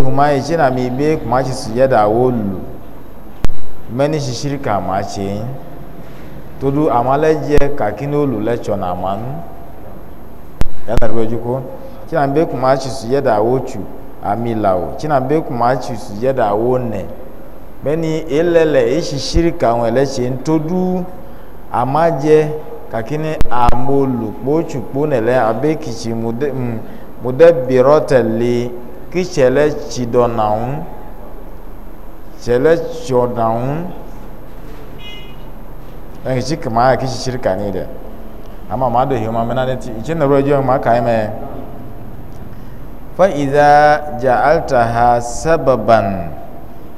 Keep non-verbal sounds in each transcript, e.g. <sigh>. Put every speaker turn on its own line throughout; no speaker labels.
ihuma ichi na mi be kuma chi sujada wolu meni shi shirka ma chi todu amaleje kakini olu lecho na man ya na ruwe juko chi na be kuma chi sujada wochu amilawo chi na be kuma chi sujada wone meni ilele ishi shirka won leche todu amaje kakini amolu pochu ponele abe kichi mude mm, mudebirotele kí tsɛlɛ tsi dɔ na ŋu tsɛlɛ tsɔ na ŋu ɛn tsi kama yɛ kí tsi tsiri ka ni dɛ ama ma do hiwoma mɛ na ne ti tsi na wɛrɛ jɔ ma ka yi mɛ fa idà dza alta ha sababan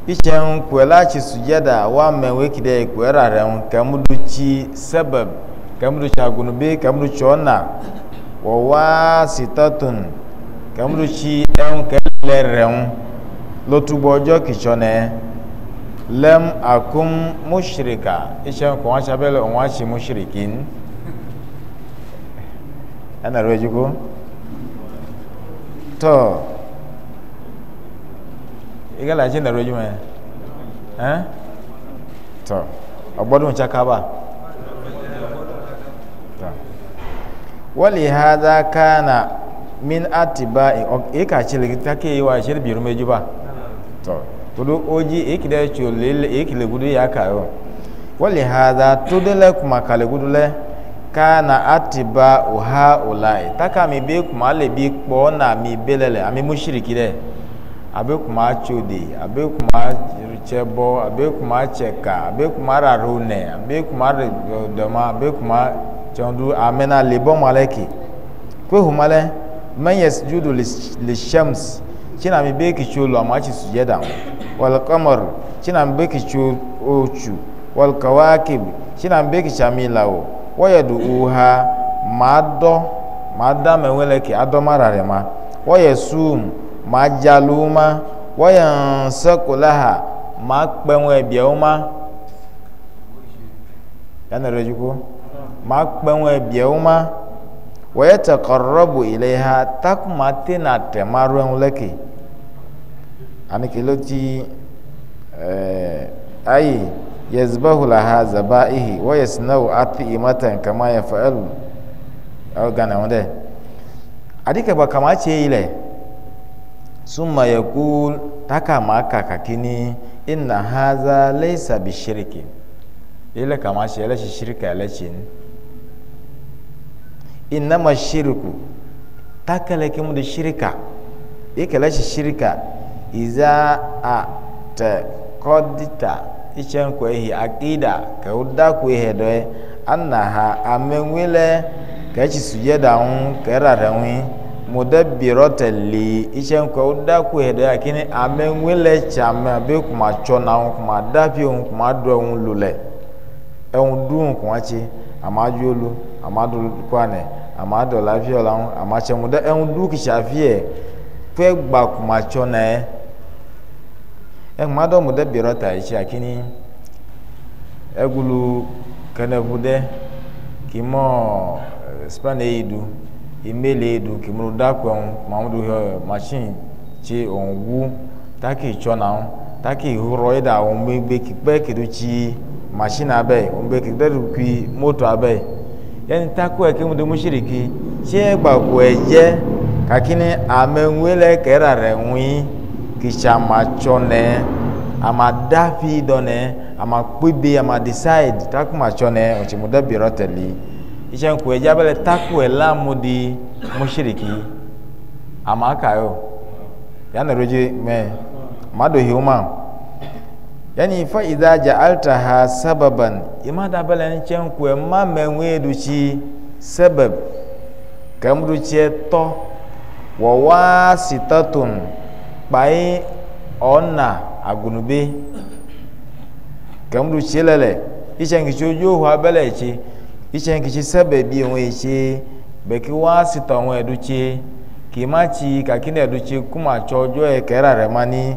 itsɛ ŋu kpɛ la tsi sudza da wa mɛ wo eki dɛ kpɛ ra rɛ ŋu kɛmu do tsi sabab kɛmu do tsi agunu bi kɛmu do tsi ɔna wɔ waa sitatun kẹmúlù tsi ẹhún kẹ Le rẹ̀ lo ló túbọ̀ ọjọ́ kìtsọ́ nẹ lẹ́m àkún mùsírìkà iṣẹ́ kò wọ́n ṣàbẹ̀lẹ̀ òun á ṣe mùsírìkì ń ẹnna rẹ̀ jù kú tọ́ ìgbà láti ẹnna rẹ̀ chakaba ha min atiba e, e ka chele ta ke e wa chele biru meju ba to kudu oji e kide cho lele e kile gudu ya ka yo wali hadha tudele kuma kale gudu le kana atiba uha ulai taka mi be kuma le bi po na mi belele ami mushriki de abe kuma chode abe kuma chebo abe kuma cheka abe kuma rarune abe kuma dema, abe kuma chondu amena lebo maleki kwe humale man yasjudu lishams china mi be ki chulu ama sujeda wal qamar china mi be ki chu ochu wal kawakib china mi be ki chamila o wayaduha mado mada mewele ki ado ma ma ma wayataqarrabu ilayha takuma tena tẹmaru ẹhun lẹkẹ anike ló ti ẹẹ ayi yẹzibahu laha zaba ihi wayasinawu ati imata nkama yafa ẹlu ọgana ẹhun dẹ adikaba kama tse yi lẹ suma yakul takama kaka kini ina haza lẹsa bi shiriki ilẹ kama tse ẹlẹ tse shirika ni. innama shirku ta kalake mu da shirka ya kala shi shirika iza a ta kodita icen ehi ka udda ku ehe doye annaha amenwile ka ci sujeda un ka rara un mudabbiratan li icen ko udda ku doye akini amenwile chama be kuma chona un kuma un kuma un lule du un ama dɔ la aviɔ la ŋu ama tse ŋu ɖe eŋu ɖu kitsi aviɛ kpe gba ko ma tsɔ na yɛ egma ɖɔ mu ɖe biɔ ta yi tsi akini egulu keneʋu ɖe kimɔ spain yi du email yi du kimɔ ɖa kpɔ ŋu ma ŋu du hɛ machine tse ɔŋu taki tsɔ na ŋu taki hrɔ yi da ɔŋu megbe kikpɛ kedo tsi machine abɛ ɔŋu megbe kikpɛ do kui moto abɛ. yani taku eke mu do mushiriki se gba ku eje kakini amenwele kera re nwi kisha machone ama dafi done ama kpibi ama decide taku machone ochi mu dabi roteli isha ku eje abele taku la mu di mushiriki ama kayo yana roji me mado hiuma yani fa idza ja'altaha sababan ima da balan chen ku ma menwe duchi sabab kam duchi to wa wasitatun pai onna agunube kam duchi lele ichen ki jojo ho abele chi ichen ki sababi won ichi e be ki wasita won educhi ki ma chi ka kine educhi kuma chojo e kera re mani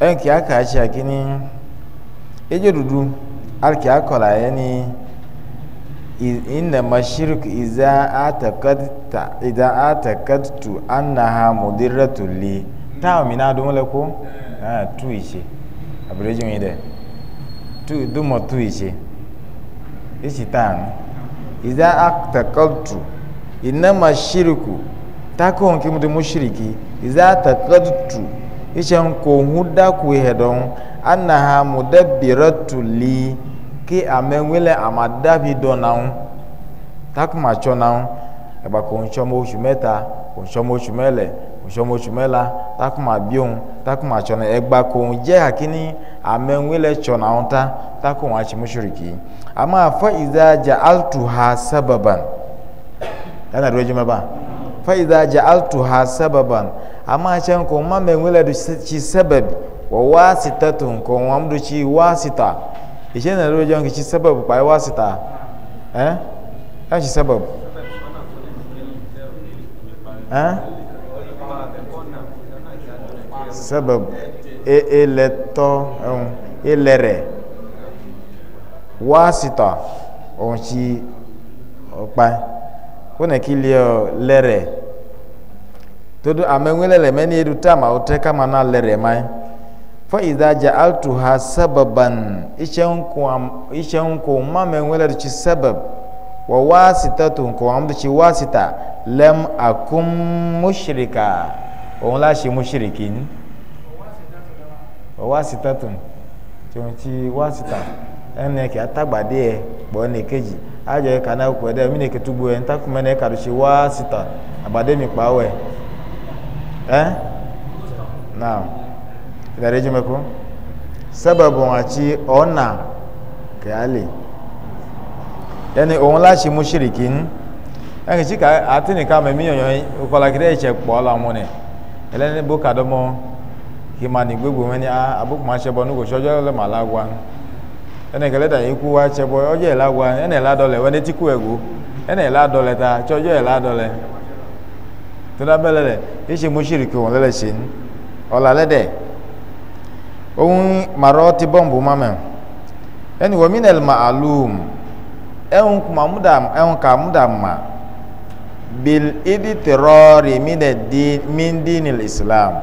ɛnki aka ahyia kini edze dudu arki akɔla yɛni inama shirk iza atakadta iza atakadtu annaha mudirratu li taa mi naa dumo lɛ ko aa tu ise mi dɛ tu dumo tu ise esi taa no iza atakadtu inama shirku taa ko nkimu de mu shiriki iza atakadtu. ishan ko huda ku hedon annaha mudabbiratu li ki amenwele amadabi donan takuma chonan eba ko ncho mo oṣù mẹ́ta ko ncho mo oṣù mẹ́lẹ̀ ko ncho mo oṣù mẹ́la takuma biun takuma chonan egba ko je akini amenwele chonan ta takuma chi mushriki ama fa iza ja'altuha sababan yana roje maba faida ja'altuha sababan amma can ko ma mai wula da ci sababi wa wasitatun ko wa mu ci wasita ishe na rojon ki ci sababu pai wasita eh ya ci sababu eh sababu e eleto um elere wasita on ci pai wone kilio lere todo amengwele le meni edu tama ote kama na lere mai fa idha ja'altuha sababan ishenku ishenku mamengwele chi sabab wa wasitatu ko amdu chi wasita lam akum mushrika on la shi mushrikin wa wasitatu chonchi wasita ene ke atagbade e gbo ne keji ajɛ kana kɔ dɛ mine ketugbo yɛ nta kuma ne karusi waa sita abade mi kpa wɛ ɛ eh? na ɛdari jumɛn ko sababu ati ɔna kɛyali yanni òun la si musirikin yanni si ka ati ni kama mi yɔnyɔn kɔlakiri ɛtsɛ kpɔ la mu nɛ ɛlɛni bo kadɔmɔ hima ni gbogbo mɛni a abo kuma sɛ bɔ nugo sɔjɔ lɛ ma la wa ene kele ta iku wa tse bɔ ɔdze la wa ene la dɔ le wɛne ti ku ɛgo ene la dɔ le ta tse ɔdze la dɔ le to na bɛ lɛ lɛ esi mo siri ko lɛ lɛ si ɔla lɛ dɛ ohun marɔ ti bɔmbu ma mɛ ɛni wɔ mi nɛli ma alum ɛhun kuma mu da ɛhun ka mu da ma bil idi tɛrɔri mi nɛ di mi di ni islam.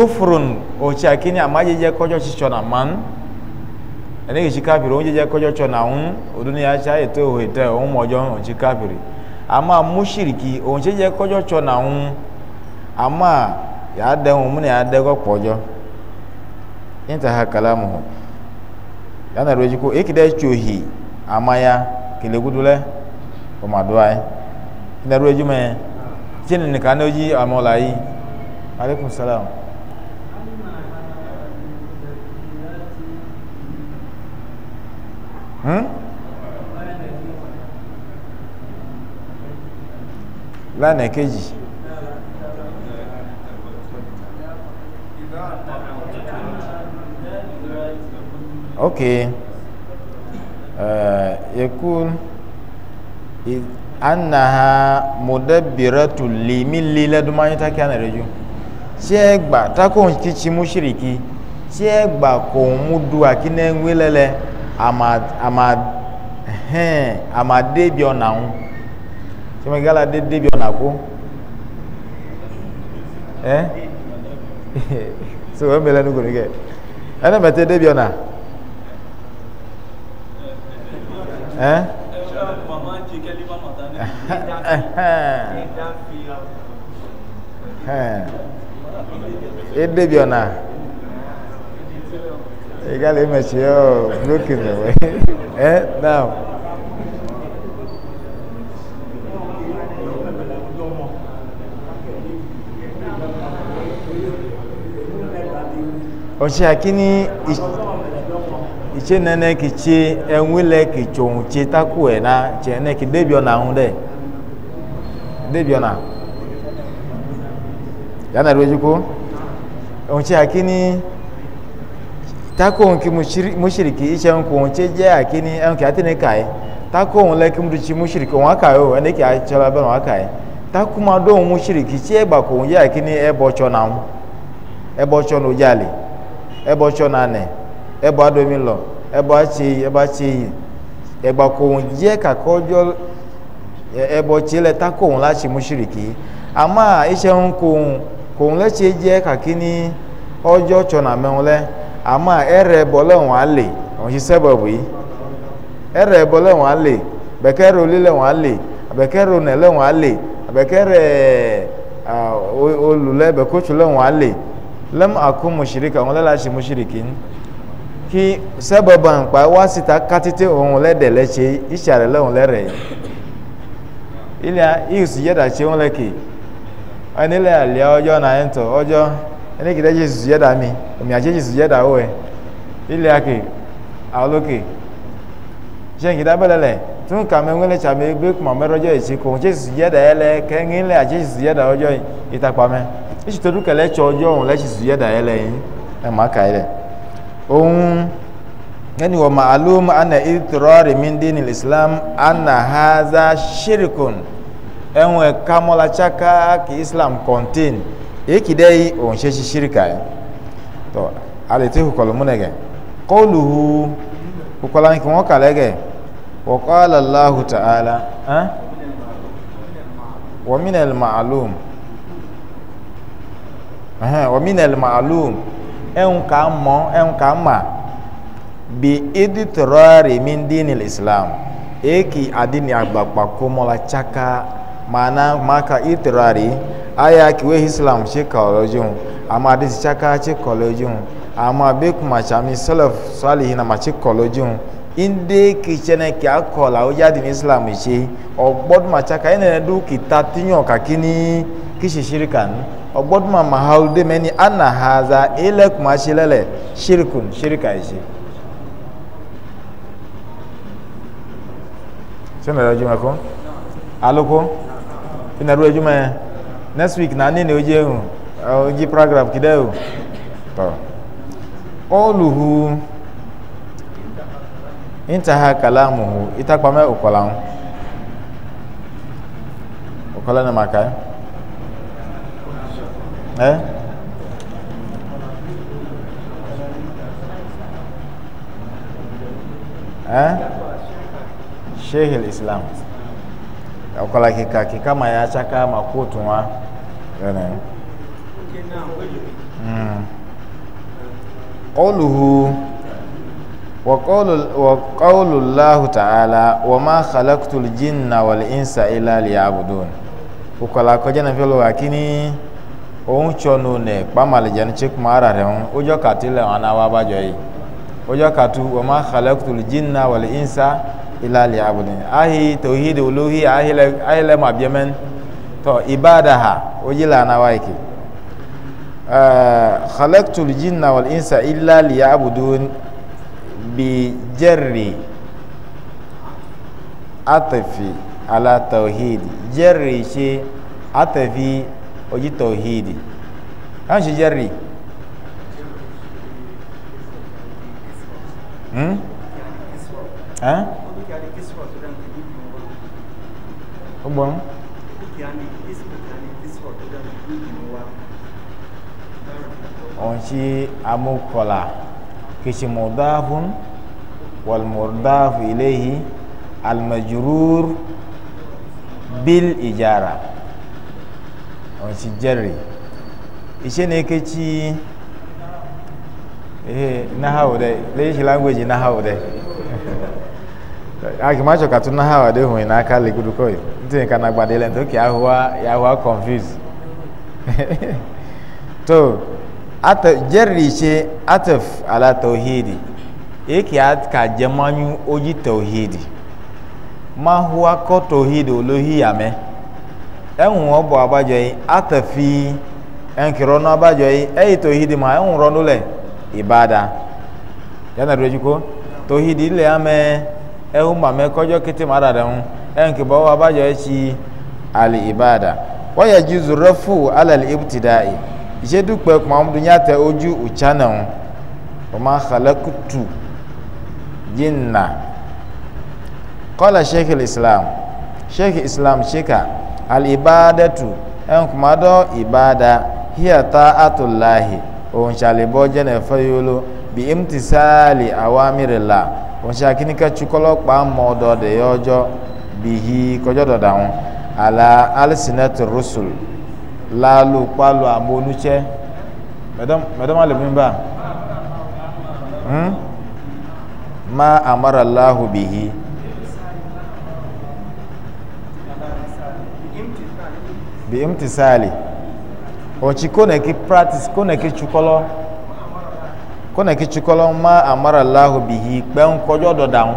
kufurun otsi akini ama dzedze kɔdzɔ tsitsɔ na man ɛnɛ yi tsi kafiri wo dzedze kɔdzɔ tsɔ na ŋu oduni ya tsa eto ohe tɛ wo mɔdzɔ otsi kafiri ama musiriki wo dzedze kɔdzɔ tsɔ na ŋu ama ya de ŋu mu ne ya de kɔ kpɔdzɔ yinta ha kala mu yana do dziko eki de tsohi ama ya kele kudu o ma do ayi e. yina do edzi mɛ tiɛ nenika salaam. hmm? na kejì ok uh, yakun anaha mudabbiratu limi lila dumanyi taki ana reju tí ẹ ta takò ń kíkí mú ṣìrìkì tí ẹ gbà kò ń mú ama ama hɛn ama de bi ɔna ŋu de de bi ɔna ko ɛ so ɛn bɛ lɛ nu goni kɛ ɛn bɛ te de bi ɔna You gotta image your
broken away. eh? Now.
Ochiakini Ichi nene kichi enwile kichon chi takue na chene ki debio na hunde. Debio na. Yana ruwe juku? Ochiakini takohun ki mushiriki ishe che je akini enki atini kai takohun le ki muduchi mushiriki won akai o ene ki achola be won akai takuma do mushiriki che egba ko ye akini ebo cho na won ebo cho no cho na ne ebo adomi lo ebo ka e, le la chi mushiriki ama ishe ko je ojo cho na me àmọ́ ẹ̀rẹ̀ bọ́lẹ̀ wọn á lè òun ṣiṣẹ́ bọ̀ wí ẹ̀rẹ̀ bọ́lẹ̀ wọn á lè bekee olílẹ̀ wọn á lè bekee onẹ̀lẹ̀ wọn á lè bekee olùlẹ̀ bẹ̀kọ́tsulẹ̀ wọn á lè lẹ́mu àkó mùsìríkà wọn lẹ́la ṣe mùsìríkì kí sẹ́bọ̀bà ń pa wá síta kátítẹ́ òun lẹ́dẹ̀ lẹ́ṣe ìṣàlẹ̀ lẹ́hùn lẹ́rẹ̀ ilẹ̀ ìsìyẹ́dà ṣe wọn lẹ́kì ene kida jesus yeda mi omi aje jesus yeda o e ile ake aloke jen kida belele tun ka me nwele cha me gbe kuma me rojo ichi ko jesus yeda ele ke ngin le aje jesus yeda ojo itapa me ichi to duke le cho ojo on le jesus yeda ele yin e ma ka ile ohun yani wa ma'alum ana itrari min dinil islam anna hadha shirkun enwe kamola chaka ki islam contain eki dai on sheshi shirka ya e. to alete hukolo munege qawluhu hukola ni kon kalege wa qala allah ta'ala ha wa min al ma'lum aha wa min al ma'lum en ka mo en ka ma bi iditrari min dinil islam eki adini agbapako mola chaka mana maka itirari aya kiwe islam shi kawalojin amma disi chaka ci kolojin amma be kuma chami salaf salihi na machi kolojin inde kichene ki akola o jadi ni islam shi ogbod machaka ene du kitatinyo kakini kishi shirikan ogbod ma mahaude meni anna haza ile kuma shilele shirkun shirka shi sene rajima ko aloko ina ru ejuma ya next week na nene oje hu oji program kide hu to oh. oluhu intaha kalamuhu itakpame ukola hu ukola na maka eh eh sheikh al-islam ọkọla kika kika ma ya chaka ma kóòtù hmm. wa ẹnẹ. قوله وقول وقول الله تعالى وما خلقت الجن والإنس إلا ليعبدون وقال كجنا في لغة كني òun tsɔnu nɛ kpama le dze nutsi kuma ara rɛ ŋu wodzɔ kati le wana wa ba dzɔ yi wodzɔ katu wama xalekutu le dzina wale insa ila li abudin ahi tauhid uluhi ahi le ahi le mabyemen to ibadaha ojila na waiki uh, khalaqtul jinna wal insa illa liya'budun bi jarri atafi ala tauhid jarri shi atafi oji tauhidi an shi jarri hmm? Huh? Eh? ọgbọ́n. ọ̀nṣe amúkọ̀là kìsìmọ̀dáhùn wàlmọ̀dáhùn iléyìí almajurur bil ijara ọ̀nṣe jẹ́rì iṣẹ́ ní kẹ́chí ehe nahawu dẹ lẹ́yìn ṣe language nahawu dẹ <laughs> a kì máa ṣọ̀kàtún nahawu adéhùn ìnáka lè gudu kọ́ yìí. tinye ka na gbadele nto ke ya yahuwa e confuse to ata ce ataf ala tauhidi eke ka jamanyu oji tauhidi ma huwa ko tauhidi olohi ya ẹ̀hùn ọ̀bọ̀ abájọ yìí àtẹ̀fí ẹ̀ǹkìrọ̀ náà abájọ eyi ẹ̀yìn ma mà ẹ̀hùn rọ́nú ịbada ya yánà dúró jù ẹnkì bọ́ wa bájọ́ ẹ ti alìbàdà wọ́n yẹ ju zùrọ́fù alàlẹ́ ibùtìdáì ìṣèdúpẹ́ kùmà ọmọdúnyà tẹ ojú ùchánà ń wọ́n máa xalẹ́kùtù jìnnà kọ́lá sheikh islam sheikh islam sheikha alìbàdàtù ẹnkì má ibada ìbàdà híyàtà àtúláhì òun ṣàlìbọ́ jẹ́nà fẹ́yọ́lọ́ bí imtisali awamirila òun ṣàkíníkà tukọ́lọ́pàá mọ́ ọ̀dọ́ ọ̀dẹ̀yọ́jọ́ bihi kọjọ dọdà wọn ala alisinati rusul laalu kpalu amonutsɛ mɛdɔm mɛdɔm alimi ba hmm ma amara lahu bihi. bi imtisali oci koneki practice koneki tsukɔlɔ koneki tsukɔlɔ ma amara lahu bihi kpɛnkɔjɔ da wọn.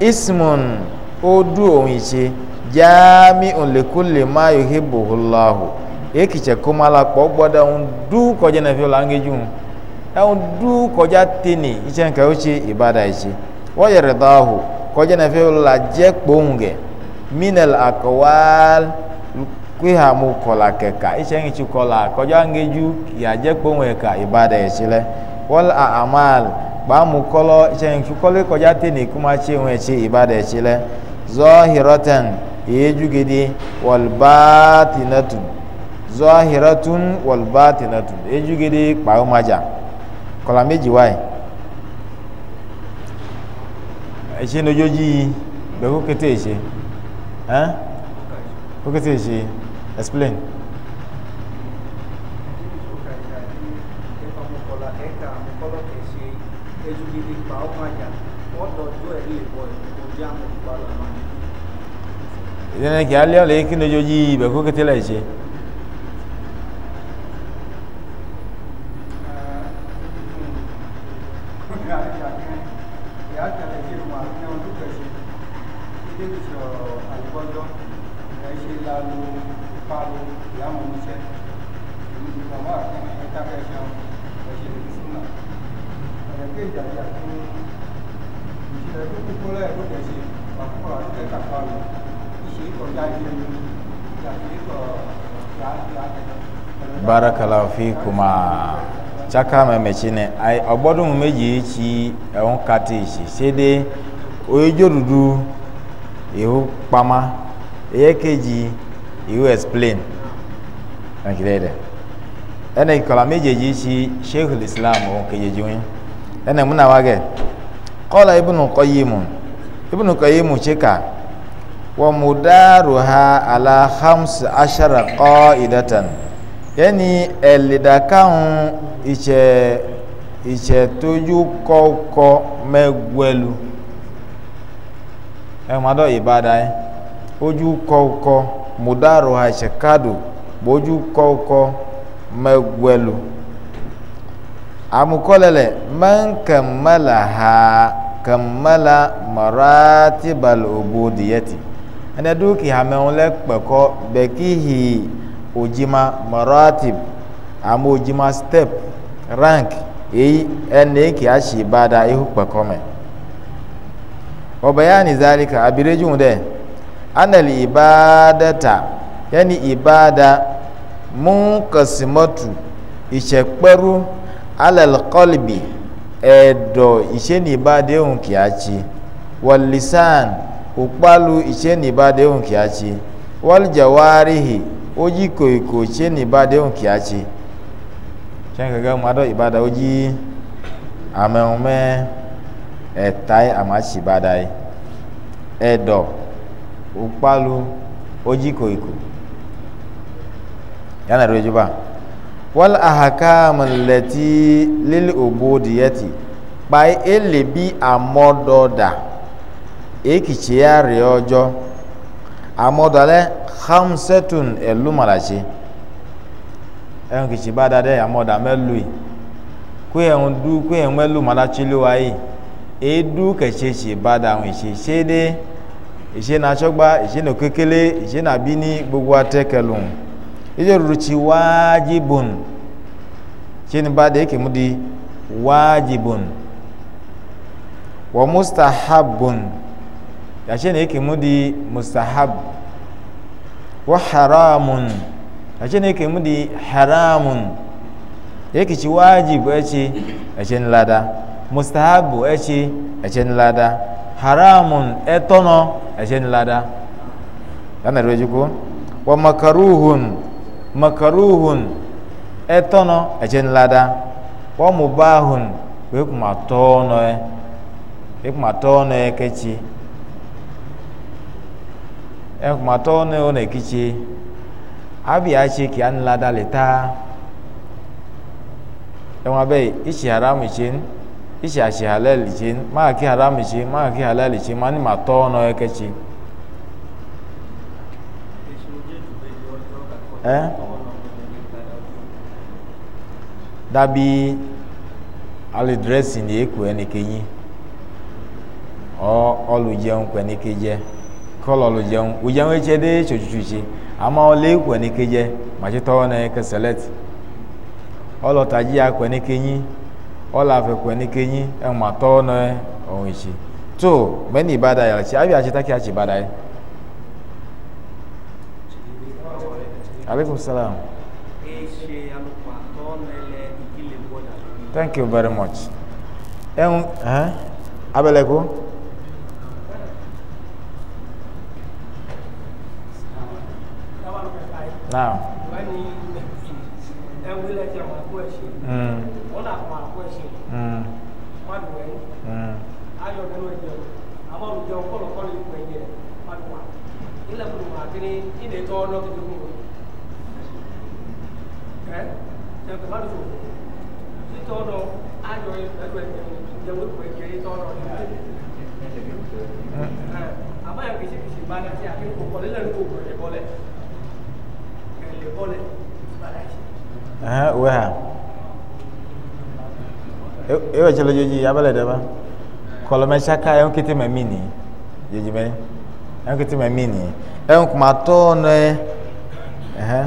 ismun odu ohun ìṣe jaami olekule ma yohe bohulahu ekitse komala kpɔ gbɔdɔ ŋu du kɔdze na fi la ŋgeju du kɔdza teni itse nka wotse ibada itse wɔyɛrɛ dahu kɔdze na fi la dze gɛ minel akɔwal kuihamu kɔla kɛka itse ŋitsi kɔla kɔdza ŋgeju yadze kpoŋu ɛka ibada itse lɛ wɔl amal kpaamu kɔlɔ sɛnku kɔlɔ kɔjá tẹni kuma tse ŋun ɛtsi ibada ɛtsi lɛ zɔhirɔtɛn eyedugede wɔlbaatinɛtun zɔhirɔtun wɔlbaatinɛtun eyedugede kpaamu madza kɔlɔ méjì wáyé ɛtsi n'odzodzi yi bɛ kó kété ɛtsi ɛn kó kété explain. ilipà ọmọjà ọdọọjọ ẹrí ìbọ ìbọdí àmọ ìbálòmọ. ìdílé kí alẹ́ ọ̀lẹ́ kí ni ojú yìí ibẹ̀ kó kété láì ṣe. 人人都唔知佢嗰個咧，嗰件事話咁話即係隔代，啲水過曳嘅，曳呢個曳曳嘅。barakallahu fikuma ah, chaka mɛmɛkyi ne ai ɔbɔdo meji mɛyi ekyi ɛho kata sede ihu kpama ihe keji ihu explain ɛnkiri dɛ ɛnna ikɔla mɛgye yi ekyi sheikh islam ene muna wage qala ibnu qayyim ibnu qayyim chika wa mudaruha ala khams ashara qaidatan yani elidakahun iche iche toju koko megwelu e ma do ibada e oju koko mudaruha iche kadu boju koko megwelu amukɔlɛlɛ man kammala ha kammala maratibal obodiyati ɛnɛ du kihamɛwo lɛ kpɛkɔ bɛkihi ojima maratib amu ojima step rank eyi ɛnɛ kiasi bada ihu kpɛkɔ mɛ ɔbɛyani zalika abirejun dɛ anali ibadata yani ibada munkasimatu ìṣẹ̀pẹ́rú alalqalbi ẹ̀dọ̀ ìṣẹ́nìbádéhùn kìáchi wàlìsàn òpálù ìṣẹ́nìbádéhùn kìáchi wàlìjàwárìhì ojí kòìkò ìṣẹ́nìbádéhùn kìáchi ṣẹ́nkẹ́gẹ́ mọ́dọ̀ ìbádá ojí àmẹ́hùnmẹ́ ẹ̀táì àmàṣìbádáì ẹ̀dọ̀ òpálù ojí kòìkò yánà ìrọ̀jú báà wal ahakam lati lil ubudiyati pai ele bi amododa ekiche ya re ojo amodale khamsatun elumalachi en kichi bada de amoda melui ku en du ku en melu malachi luwai edu kechechi bada won iṣe de iṣe na chogba iṣe no kekele iṣe na bini gbogbo atekelun ijo ruruci wajibun shine ba da yake mudi wajibun wa mustahabbun ya shine yake mudi mustahab wa haramun ya shine yake mudi haramun yake ci wajibu ya ce ya ce lada mustahabu ya ce ya ce lada haramun ya tono ya lada yana da wa makaruhun makaruhun ɛtɔnɔ ɛtsenlada wɔmubahun wekuma tɔɔnɔɛ wekuma tɔɔnɔɛ kɛtsi ɛkuma tɔɔnɔɛ wɔnɛ kitse abiatsi kianilada le taa ɛwọn abɛ itsi haram itsen itsi asi halal itsen maaki haram itsen maaki halal itsen mani ma tɔɔnɔɛ kɛtsi. eh dabi alu dressing ni eku ẹni kenyi ọ ọlu jẹun kọ ẹni kejẹ kọlọ ọlu jẹun ojẹun etsẹ de tsotsotsi ama ọlẹ eku ẹni kejẹ matsitɔ ọnẹ kẹsẹlẹt ọlọtadzi ya kọ ẹni kenyi ọlàfẹ kọ ẹni kenyi ẹnumatɔ ọnẹ ọhún etsi tó mẹni tsi atsi alaikum salam. thank you very much. ẹ̀hún ẹ̀hún abẹ́lẹ́kú. now. Mm. Mm. Mm ẹ jẹ̀kọ̀ má dùn títọ́ ọ̀nà ayọ̀ ẹ̀dọ̀ ìjẹ̀wé kò ẹ̀jẹ̀ yìí tọ́ ọ̀nà ìgbẹ́ àmọ́ ẹ̀ kìí kìí bá dá sí àkínkù kọ́lé lẹ́nu kò kọ̀ ẹ̀kọ́ lẹ̀ ẹ̀kọ́ lẹ̀ wẹ́hà ewa chelo joji abale deba kolome chaka yon kiti me mini joji me yon kiti me mini yon kumato ne eh uh -huh.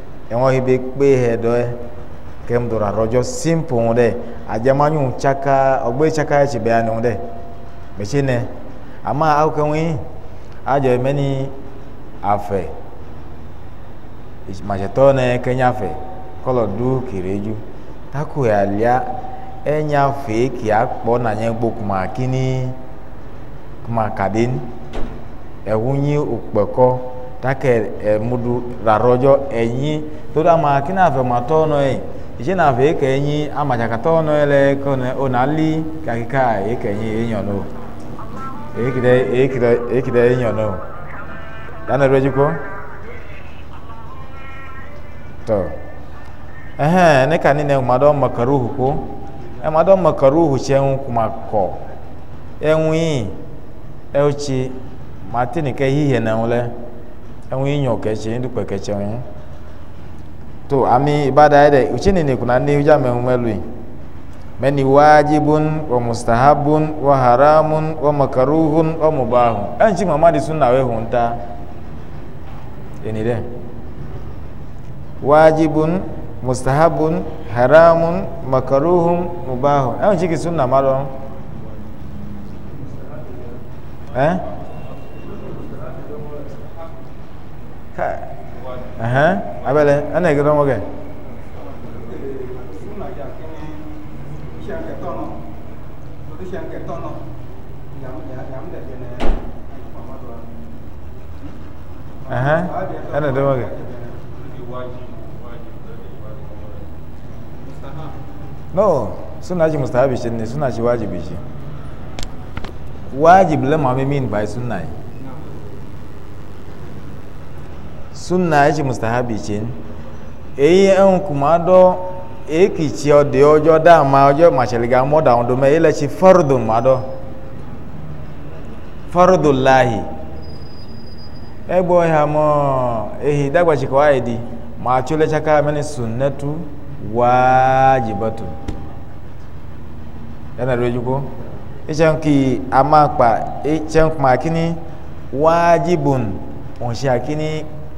ɛwɔn yi e. e be kpe hɛ dɔ yɛ kɛm dɔrɔ arɔdzɔ simple ŋu dɛ ya tsaka ɔgbɛ tsaka yɛ tsi bɛ anu dɛ nɛ ama awo kɛŋu yi adzɔ yi mɛ afɛ matsɛtɔ nɛ kɛnyɛ afɛ kiri dzu taku alia take emudu rarɔdzɔ enyi to ama kí na ma tɔ nɔ ye ìṣe na ve eke enyi amadzaka tɔ nɔ ye le ko ne o li kakika eke enyi enyɔ no eke ɖe eke ɖe eke ɖe enyɔ no dana ɖo edzi ko tɔ ɛhɛn ne ka ni ne ma ɖɔ mekaru hu ko ɛma ɖɔ mekaru hu tse ŋu kuma kɔ eŋui ewutsi matini ke hihe ne ŋu lɛ. ɛŋu yi nyɔ kɛtsɛ yi dukpɛ kɛtsɛ ŋu to ami ibada yɛ dɛ utsi nene kuna ne udza mɛ ŋu mɛlui mɛni wajibun wa mustahabun wa haramun wa makaruhun wa mubahu ɛnitsi mama di suna wɛ hun ta eni dɛ wajibun mustahabun haramun makaruhun mubahu ɛnitsi ki suna ma dɔn ɛ. Eh? ɛhɛn abɛlɛ ɛna ege dɔn wɔkɛ. ɛhɛn ɛna dɔn wɔkɛ. no suna ji mustahabi shi ne suna shi wajibi shi wajib lamma min bai sunna yi sunna echi mustahabi chin eyi enkuma do ekichi ọdị ọjọọ daa ma ọjọọ machiri ga mọda ọdụme ilechi e fardu mmadụ fardu lahi egbo e ha mọ ehi dagbachikwa aidi e ma chulechaka mini sunnatu wajibatu yana rejukwu kini akini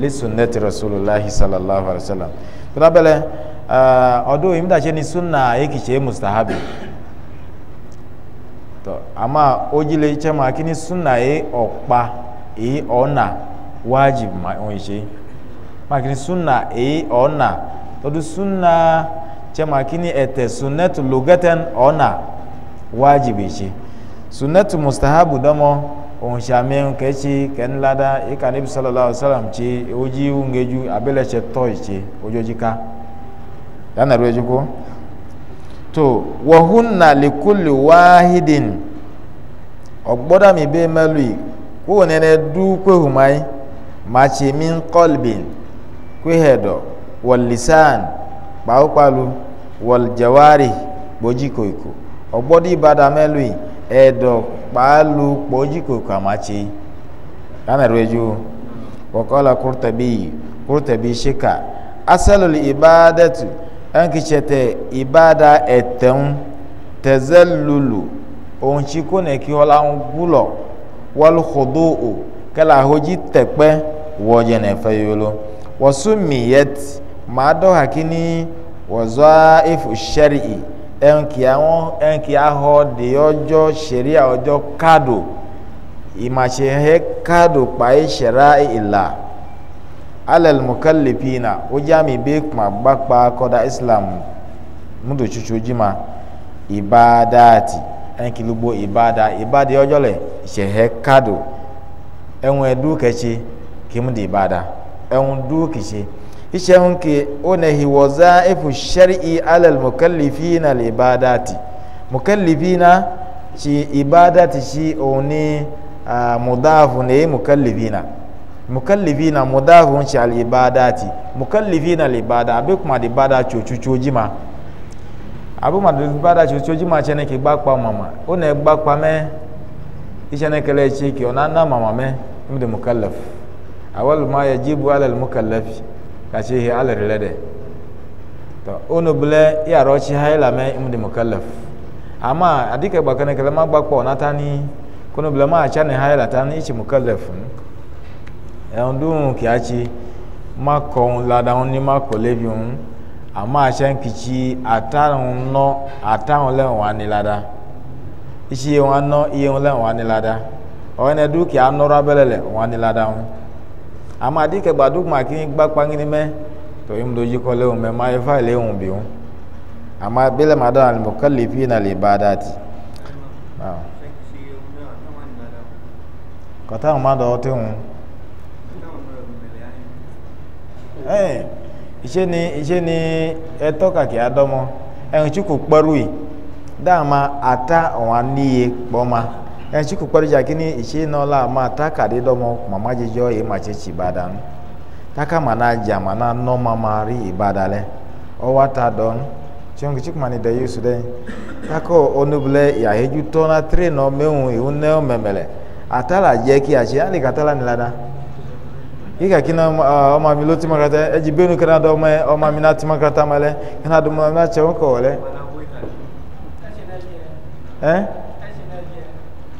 li sunnati rasulillahi sallallahu alaihi wasallam kuna bele odo imda cheni sunna yiki che mustahabi to ama ojile chema kini sunna ye opa e ona wajib ma onse ma kini sunna e ona to du sunna chema kini ete sunnatu lugatan ona wajibi chi sunnatu mustahabu domo ohun sàmì kẹ́tsi kẹ́nlada ika níbi sọlọ́lá ọ̀sọ́làm tsi ojì wúngeju abẹ́lẹ́tsẹ tọ́ ìtsi ojoojú ká yánà ló edziko tó wọ́hún nà lẹ́kùlù wáhídìn ọ̀gbọ́dàmì bẹ́ẹ̀ mẹ́lùí kó wọn nẹ́nẹ́ dú kóhùmáyé màtsi mí kọ́lbìn kóhẹ̀dọ̀ wọ̀lìsàn kpawokpalu wọ̀lìjẹ̀wárì gbòjì kòkò ọ̀gbọ́dì ìbàdàn mẹ́lùí kpaalu kpoji koko amachi kana reju wakola kurtabi kurtabi shika asalul ibadatu an ibada etem tazallulu ohun ne kò ní kí ọlá ń gúlọ wọlé kodo o kẹlẹ ahoji tẹpẹ wọjẹ ní ẹfẹ ni wọ́n zọ́ ẹnkì àwọn ẹnkì ahọ di ọjọ sẹríà ọjọ káàdù ìmàṣẹhẹ káàdù pàì sẹrà ìlà alẹlmùkàlìpìnà ó jáàmì bí kùmà gbàgbà kọdà islam múdò tsutsu jìmà ìbáadáàtì ẹnkì lugbo ìbáadá ìbáadá ọjọ lẹ sẹhẹ káàdù ẹwọn ẹdú kẹsẹ kìmùdì ìbáadá ishe hunke unahi wa za'ifu shar'i alal mukallifina li ibadati mukallifina shi ibadati shi oni mudafu ne mukallifina mukallifina mudafun shi al ibadati mukallifina li ibada abi kuma di ibada cucucuji ma abu ma di ibada cucucuji ma chene ki gbapa mama una gbapa me ishe ne kele chi ki ona na mama me mu mukallaf awal ma yajibu alal mukallafi kace he ala rilede to ono bele ya ro ha haila me imdi mukallaf amma adika bakane kala ma gbakpo na tani kono bele ma acha ne haila tani ichi mukallaf e ndun ki achi ma ko la da ni ma ko lebi un amma acha nkichi atarun no atarun le wan ni lada ichi wan no iye wan le wan ni lada o ne duki anora belele wan ni lada un ama di kẹgbà gbadugma mà kí gbà kpangini mẹ tó yín dojú kọ léwu mẹ má ifá kọ́ lè fi iná lè bá a dá kọ́tà àwọn máa dọ̀ọ́ tẹ̀wọ̀n. iṣẹ́ ni iṣẹ́ ni ẹ tọ́ka kì ẹ̀hún tí kò ata ọ̀hún ɛnsiku kpɔdza kini etsi nɔla ma taka di dɔmɔ mama dzidzɔ yi e ma tsetsi ibada nu taka ma na dza ma na nɔ mama ri ibada lɛ ɔwa ta dɔn tsiɔnku tsiku ma ni dɛ yesu dɛ taka ɔnubilɛ yahedu tɔ na tre nɔ mewu iwu nɛ mɛmɛ lɛ ata la dze ki atsi ni la da yíyá kí ná ọmọ mi ló ti ma kata ẹdí e bẹ́ẹ̀ nu kí ná dọ́ ọmọ mi ná ti ma kata ma lẹ kí ná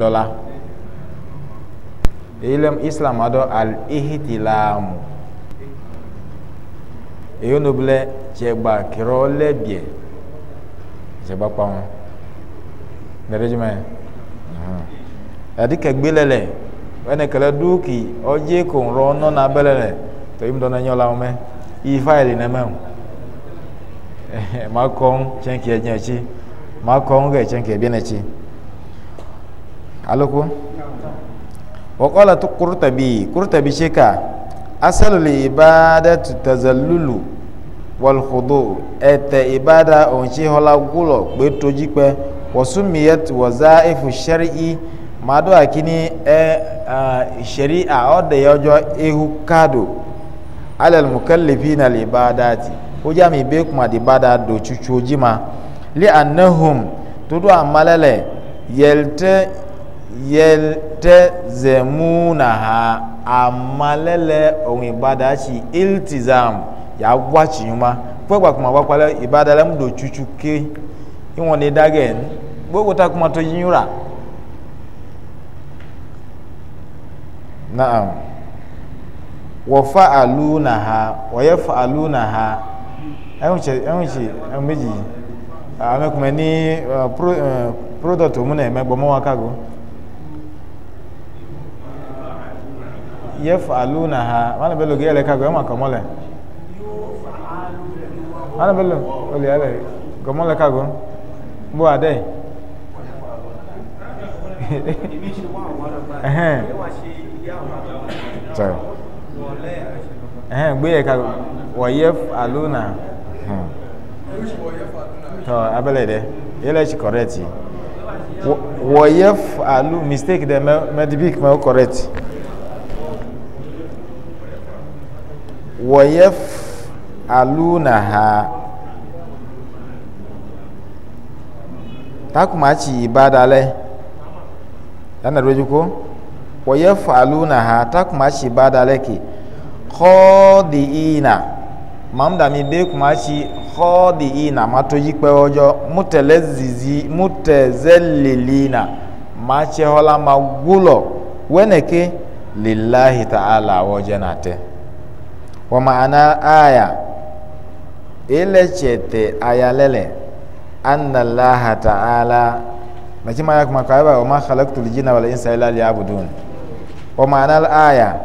dɔ la èyí islam adɔ al ihitilamu èyí wọn bilɛ tsɛgba kɛrɛ lɛ biɛ tsɛgba kpɔn nɛrɛ jumɛ yàtí kɛgbé lɛ lɛ wɛnɛ kɛlɛ dúkì ɔdze kò ń rɔ nɔnà abɛlɛ lɛ tòyí mi dɔn n'ɛnyɔ la mɛ iyi fáyìlì n'ɛmɛ o ɛhɛ ma kɔn tsɛnkì ɛdzi ɛtsi ma kɔn kɛ tsɛnkì ɛbiɛ n'ɛtsi aloko waƙwala ta kurtabi kurtabi shi ka asali ibada tu tazalulu wal khudu ete ibada on shi hola gulo pe toji pe wasumiyat wazaifu shar'i mado akini e uh, sharia ode yojo ehu kado alal mukallifina al ibadati o jami be kuma di bada do chuchu jima li annahum tudu amalale yelte yaltazimunaha amma lele onwe ibada shi iltizam ya gwachi yuma kwegba kuma gbakwale ibada lem do chuchuke iwon le dagen gbogbo ta kuma to yinyura na'am wa fa'alunaha wa yaf'alunaha ayun ce ayun ce ayun meji amekume ni product omuna emegbomo wakago na ha wọn bẹ lóge ẹlẹ kagbẹ ọmọ kọmọlẹ wọn bẹ lọ olè ẹlẹ kọmọlẹ kagbọ bó adé gbé yẹ kagbọ wọ yẹfàlúnà tọ abẹlẹ dẹ yẹlẹ ti correct wọ yẹfàlú mistake dẹ mẹ correct. wọ́yẹ́ alúnàhà takumachi ibadalẹ yana dojú ko wọ́yẹ́ alúnàhà takumachi ibadalẹ kì xɔɔdi ina mamdami bee kumachi xɔɔdi ina matoji kpɛ wɔjɔ mutɛlɛ zizi mutɛzɛ lilina matsɛ xɔla ma gbulɔ wɛnɛke lilahi ta'ala wɔjɛ na tɛ wa ma'ana aya ile chete aya lele anna allaha ta'ala lakini aya kuma kwa wa ma khalaqtul jinna wal insa illa liya'budun wa ma'ana aya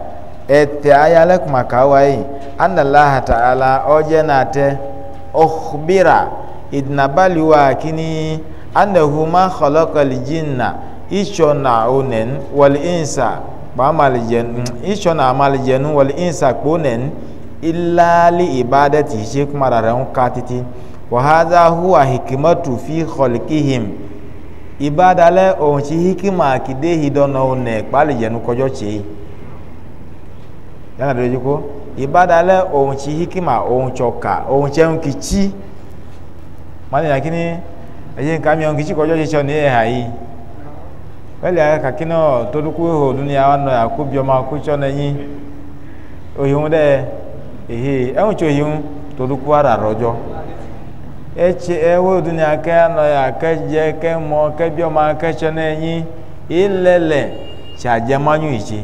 ete aya le kuma kawai anna allaha ta'ala ojenate ukhbira idnabaliwa kini annahu ma khalaqal jinna ishona onen wal insa ba mal jen ishona mal jenu wal insa konen ilali ibadati ṣe kuma rara ń ka titi wàhádà huwa hikimatu fi xɔlikihim ibada lɛ ohun ti hikima kide dɔnɔ nɛ kpali jɛnu kɔjɔ tse yàrá dòdò ko ibada lɛ ohun ti hikima ohun tsɔka ohun tsɛ ŋun kitsi mani yà kini eye nka mi ŋun kitsi kɔjɔ tse tsɔ ne yɛ ha yi wɛli yà kaki nɔ toduku ho dunuya wa nɔ yà kó biɔma kó ehe enwechoghị m torukwara rọjọ eche ewe oduni ake anọ ya ake je ke mọ ke biọma ake chọ n'enyi ilele chajemanyu iche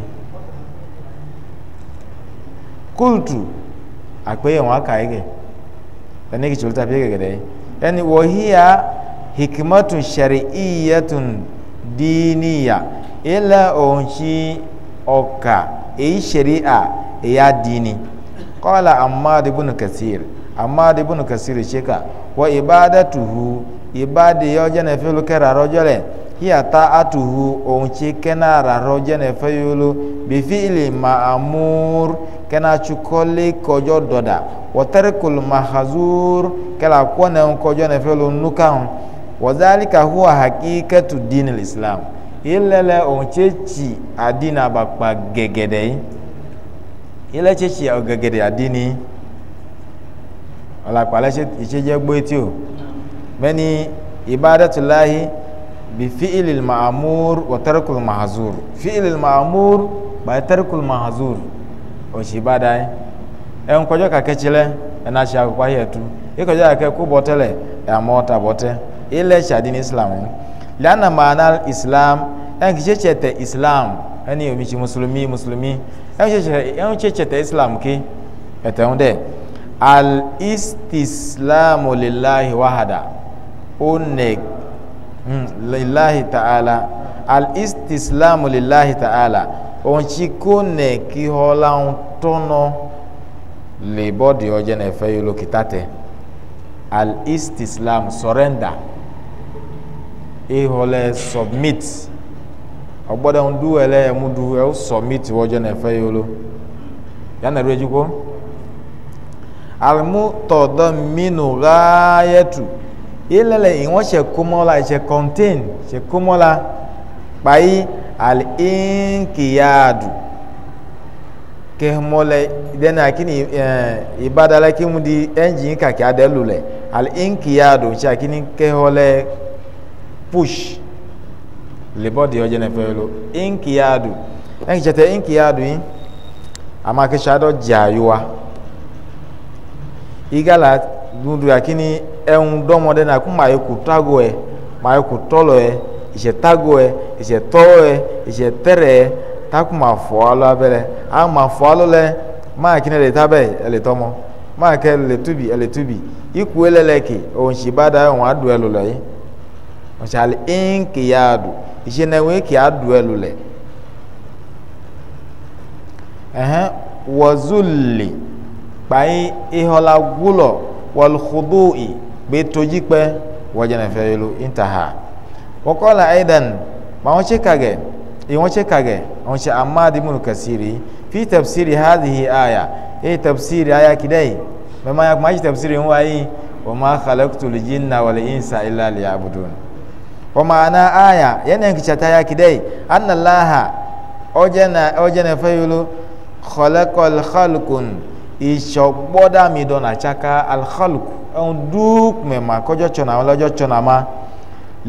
kultu akpeye wọn aka ege ẹni kìí tsolita eni gẹgẹdẹ ẹni wọhiya hikimatun shariyatun diiniya ilẹ ohun si ọka èyí sharia èyí adiini. E qala ammad ibn kathir ammad ibn kathir sheka wa ibadatuhu ibadi yo jene filu kera rojole hiya ta'atuhu on chi kena ra rojene fayulu bi fi'li ma'mur kena chukoli kojo doda wa tarkul mahzur kala kona kojo ne filu nukan wa dhalika huwa haqiqatu dinil islam ilele on chi adina bakpa gegedei ilẹ̀ tsitsi ọ̀gẹ̀gẹ̀dẹ̀ àdínì ọ̀làpàá lẹ́sẹ̀ ìtsẹ́jẹ́ gbé tí o mẹ́ni ibadatullahi bi fi'ilil ma'amur wa tarikul mahazur fi'ilil ma'amur ba tarikul mahazur òsì ìbáda yẹ ẹ̀ ń kọjọ́ kàkẹ́tsi lẹ́ ẹ̀ náà ṣe àkókò ayé ẹ̀tú yìí kọjọ́ kàkẹ́ kó bọ́tẹ́ lẹ̀ ẹ̀ àmọ́ ta bọ́tẹ́ ilẹ̀ tsi àdínì islam lẹ́yìn àná màánà islam ẹ̀ ń kìí tsẹ́ tsẹ́ tẹ islam. islam ẹni omi tsi mùsùlùmí mùsùlùmí ẹ̀hún tsetse islam ké ẹ̀tẹ̀hún dẹ̀ al istislamu lillahi wahada one mm, lillahi ta'ala al istislamu lillahi ta'ala ohun tsi kó nẹ kí hɔla ń tɔnɔ lè bɔdi yolo kita al istislam surrender ihɔlɛ submit ọgbọ́dọ̀ ń dú ẹlẹ́yẹ mú du ẹ sọ míìtì wọ́jọ́ náà ẹ̀fẹ́ yìí ló yánà rí ejúkó alimu tọ̀dọ̀ mínú ráyẹ̀tù ilẹ̀lẹ̀ ìwọ́n ṣe kómọ́lá ṣe contain ṣe kómọ́lá pàyí àlìkìyàdù kehmole dena akini ibadala kimudi engine kaki adelule al inkiyado chakini kehole push libɔdi ɔdze nɛfɛ lo inkiyadu ɛnkitsɛtɛ inkiyadu yi amakitsa dɔ dze ayiwa igala dudu akini ɛŋu dɔmɔ ɖe na kó ma yi ku tagoɛ ma yi ku tɔlɔɛ ìtsɛ tagoɛ ìtsɛ tɔwɔɛ ìtsɛ tɛrɛɛ takó ma fɔ alo abɛ lɛ ama fɔ alo lɛ maa kini ɛlɛ tabɛ ɛlɛ tɔmɔ maa kɛ ɛlɛ tubi ɛlɛ tubi ikue lɛ lɛ ke òun tsi ba da ɛŋu adu ɛlu lɛ yi. ɔtsali ŋ keya do jenewe keya do ɛlu lɛ ɛhɛn wɔzuli kpai ihɔla gulɔ wɔlxudui gbetodzi kpɛ wɔdzena fɛ yelo intaha wɔkɔla aidan kpawo tse kagɛ iwɔn tse kagɛ wɔn tse amadi munu kasiri fi tafsiri hadihi aya eye tafsiri aya kidai mɛ ma ya kuma ayi tafsiri ŋu ayi wɔn ma lijin na wale insa ila liyabudun wa ma'ana aya yanayin kicata ya kidai annallaha ojene fayulu khalaqal khalqun ìṣọ̀gbọ́dá mi dọ̀nà àtsaka alhalku ẹ̀hún dúkùmẹ̀mà kọjọ́ tsọ̀nà àwọn ọlọ́jọ́ tsọ̀nà ma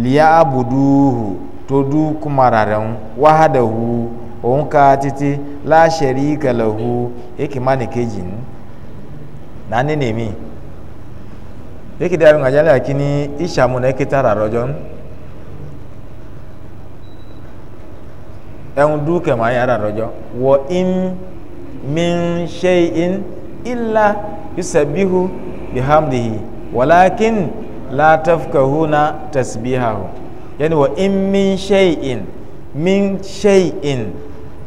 lìyà abuduhu tó dúkùmara rẹ̀ ń wáhádàhu òun ka títí láṣẹ̀rí kẹlẹ̀hu èkìmá nìkejì ń nání nìmi èkìdí àrùn àjálẹ̀ àkíní ìṣàmúnà èkìtà rà ń. ẹ̀hún dúkẹ́ mọ́ ayé ara rọ̀jọ́ wọ in mi ń ṣe in ilà yusabihu bihamdihi walakin látàfkàhúnà tasbihahu yẹni wọ in mi ń ṣe in mi ń ṣe in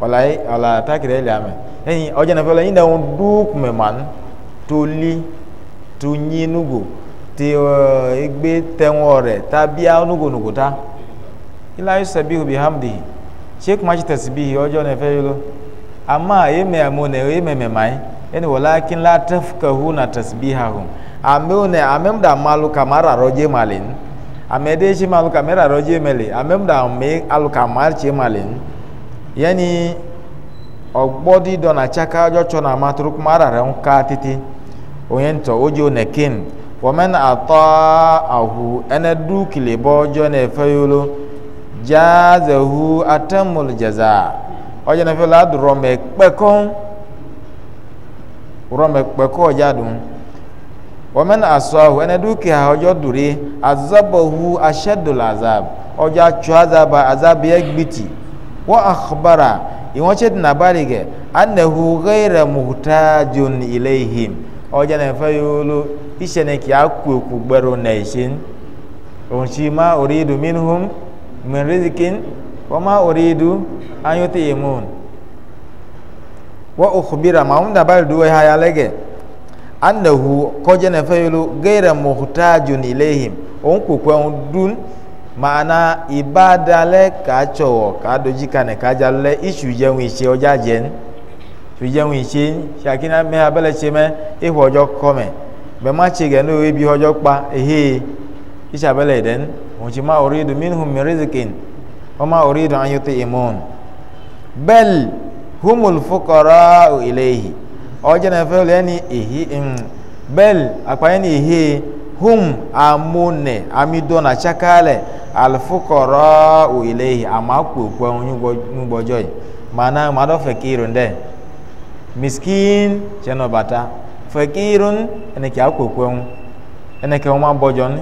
ọ̀làyé ọ̀là tákìrẹ́ ilẹ̀ àmì ẹ̀yìn ọjà náà fẹ́ lọ yín dẹ̀hún dúkùmẹ̀ mọ́n tó lí tó yín núgò tí ẹgbẹ́ uh, tẹ̀wọ̀n rẹ̀ tàbí àwọn núgò ta ilà yusabihu bihamdihi. sheik machitasi bihi ọjọ́ na efe yolo ama eme amone ememe mai eni walakin la tafkahu na tasbihahum amone amemda malu kamara roje malin amede shi malu kamera roje mele amemda me alu kamar che malin yani ogbodi do na chaka ọjọ́ cho na maturu kumara re nka titi onyen to ojo nekin women ataahu ene du kilebo ọjọ́ na efe yolo jazahu atamul jaza ọjà náà fi la do rọmẹ kpẹkọ rọmẹ kpẹkọ ọjà dùn wọ́n asọ ahu ẹni dúkìá ọjọ́ dùrí azabahu aṣẹ́dùlù azab ọjọ́ atsọ azaba azabi ẹgbìtì wọ́n akọbara ìwọ́n ṣe dùn abárí gẹ̀ anahu ghẹ́rẹ̀ muhtajun ilẹ̀hìm ọjọ́ náà fẹ́ yóò lo iṣẹ́ ni kìí akú òkú gbẹrù náà ṣe ń òun min rizikin wa ma uridu an yutimun wa ukhbira ma hum dabal duwe haya lege annahu ko fayulu gaira muhtajun ilayhim on ku kwa dun maana ibada le ka chowo ka doji kane ka jalle isu jeun ise oja jen su jeun ise shakina me abele cheme e hojo kome be ma chege no ebi hojo pa ehe isha bele den wuci ma uridu minhum min rizqin wa ma uridu an yutimun bal humul fuqara ilayhi oje na fe le ni ihi im bal apaye ni ihi hum amune amido na chakale al fuqara ilayhi amaku kwa nyugbojo yi mana mado fakirun de miskin cheno bata fakirun ene ki akokwe ene ke o ma bojo ni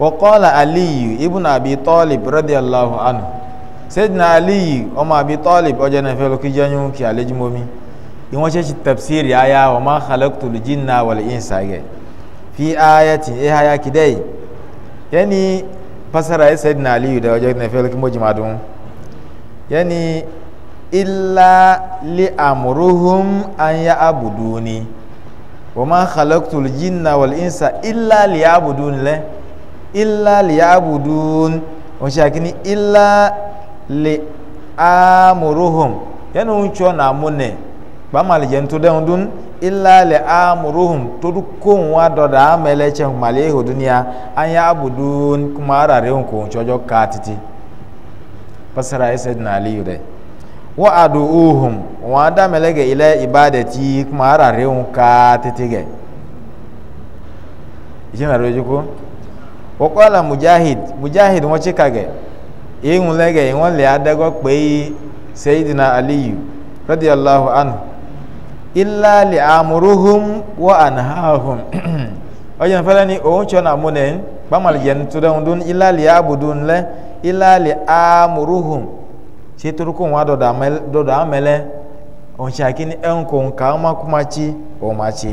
wọ́kọ́lá aliyu ibùn àbí tọ́lìb radiyallahu anhu sẹ́dínà aliyu ọmọ àbí tọ́lìb ọjọ́ náà fẹ́ lókè jẹ́yún kí alẹ́júmọ́mí ìwọ́n ṣe ṣe tafsiri aya wọ́n máa khalaqtu jinna wal insa gẹ̀ fi ayati ẹ̀ haya kìdẹ́ yẹ́nì fasara ẹ̀ sẹ́dínà aliyu dẹ̀ ọjọ́ náà fẹ́ lókè mọ́jìmá dùn yẹ́nì illa li amruhum an ya'buduni wọ́n máa khalaqtu jinna wal insa illa illa liyabudun o ṣe akini illa li amuruhum yẹn ń tsọ na amúnẹ gbàmàlì jẹ ntọ́ dẹ́hùn dún illa li amuruhum tódú kóhùn wa dọ̀dà amẹ́lẹ́ tsẹ̀ màlẹ́ ihò dúnìá anya abudun kuma ara rẹ̀ kò ń ká títí pasara ẹsẹ̀ dùn àlẹ́ yìí rẹ̀ wọ́n adùn uhum wọ́n adámẹ́lẹ́ gẹ̀ ilẹ̀ ìbádẹ́tì kuma ara rẹ̀ kò títí gẹ̀ ìṣẹ́ nàró ẹjọ́ kó wọ́kọ́lá mujahid mujahid wọ́n ti kagẹ̀ ihun lẹ́gẹ̀ ìwọ́n lè adágọ́ pé sayidina aliyu radi allahu anhu ilá lè amuruhum wọ́ anahahum ọjọ́ nfẹ́lẹ́ ni òun tí wọ́n amúnẹ̀ gbàmàlì jẹ́ nítorí dún ilá lè abudu ńlẹ́ ilá lè amuruhum ṣe turuku wọn dọ̀dọ̀ amẹ́lẹ́ òun ṣe àkíní ẹ̀ńkọ̀ nǹkan ọmọkùnmáchi ọmọkùnmáchi.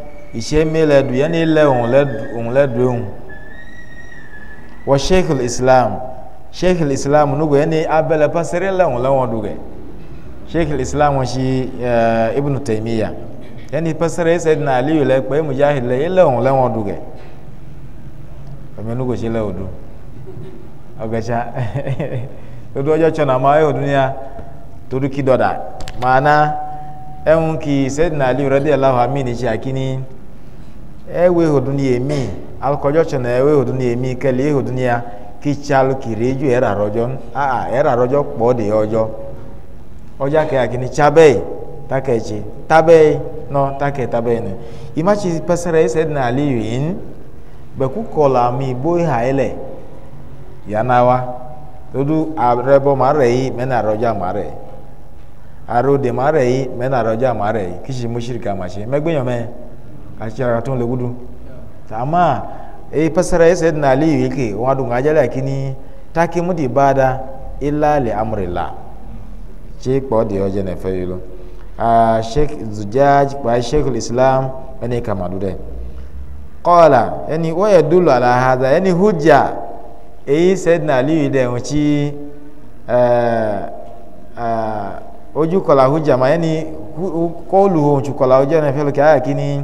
ìṣẹ́mi lẹ́dù yẹn ní lẹ́ òun lẹ́dù òun wọ́n sheikh islam sheikh islam nugu yẹn ní abẹ́lẹ́ pàṣẹrẹ́ lẹ́wọ̀n lẹ́wọ̀n dùgẹ̀ sheikh islam wọ́n ṣe ibùn tẹ̀míyà yẹn ní pàṣẹrẹ́ sẹ́dínà aliyu lẹ́pẹ́ mujahid lẹ́yẹ lẹ́wọ̀n lẹ́wọ̀n dùgẹ̀ ọmọ nugu ṣe lẹ́wọ̀n dù ọgẹ́sà dodo ọjọ́ tsọ̀nà máa yóò dún yá todu kí dọ̀dà màánà ẹ̀hún kì sẹ́dínà aliyu rẹ́díẹ̀ láwọn amí ni ṣe àkíní. ewe hoduni emi na ewe hoduni emi kɛlɛ ewe ya kitsi alu kiri edzo ɛra rɔdzɔ aa ɛra rɔdzɔ ọjọ. de dị ɔdza kɛ akini tsabɛ yi takɛ tsi tabɛ yi nɔ takɛ tabɛ yi dina ali yin mi bo wa ma na rɔdza ma rɛ aro de ma rɛ yi mɛ na rɔdza ma rɛ kitsi ma a sharatun da gudu ta amma eh fasara ya sayyidina ali yake wa dun ajala kini take mudi di bada illa li amrillah ce kpo di oje na fayilo a sheikh zujaj ba sheikh islam ene kama dude qala yani wa yadullu ala hadha yani hujja eh sayyidina ali de wuci eh, eh, ojú kọlà hujja ma yani kọlu ohun kọlà ojú ẹni fẹlẹ kí a yà kí ni.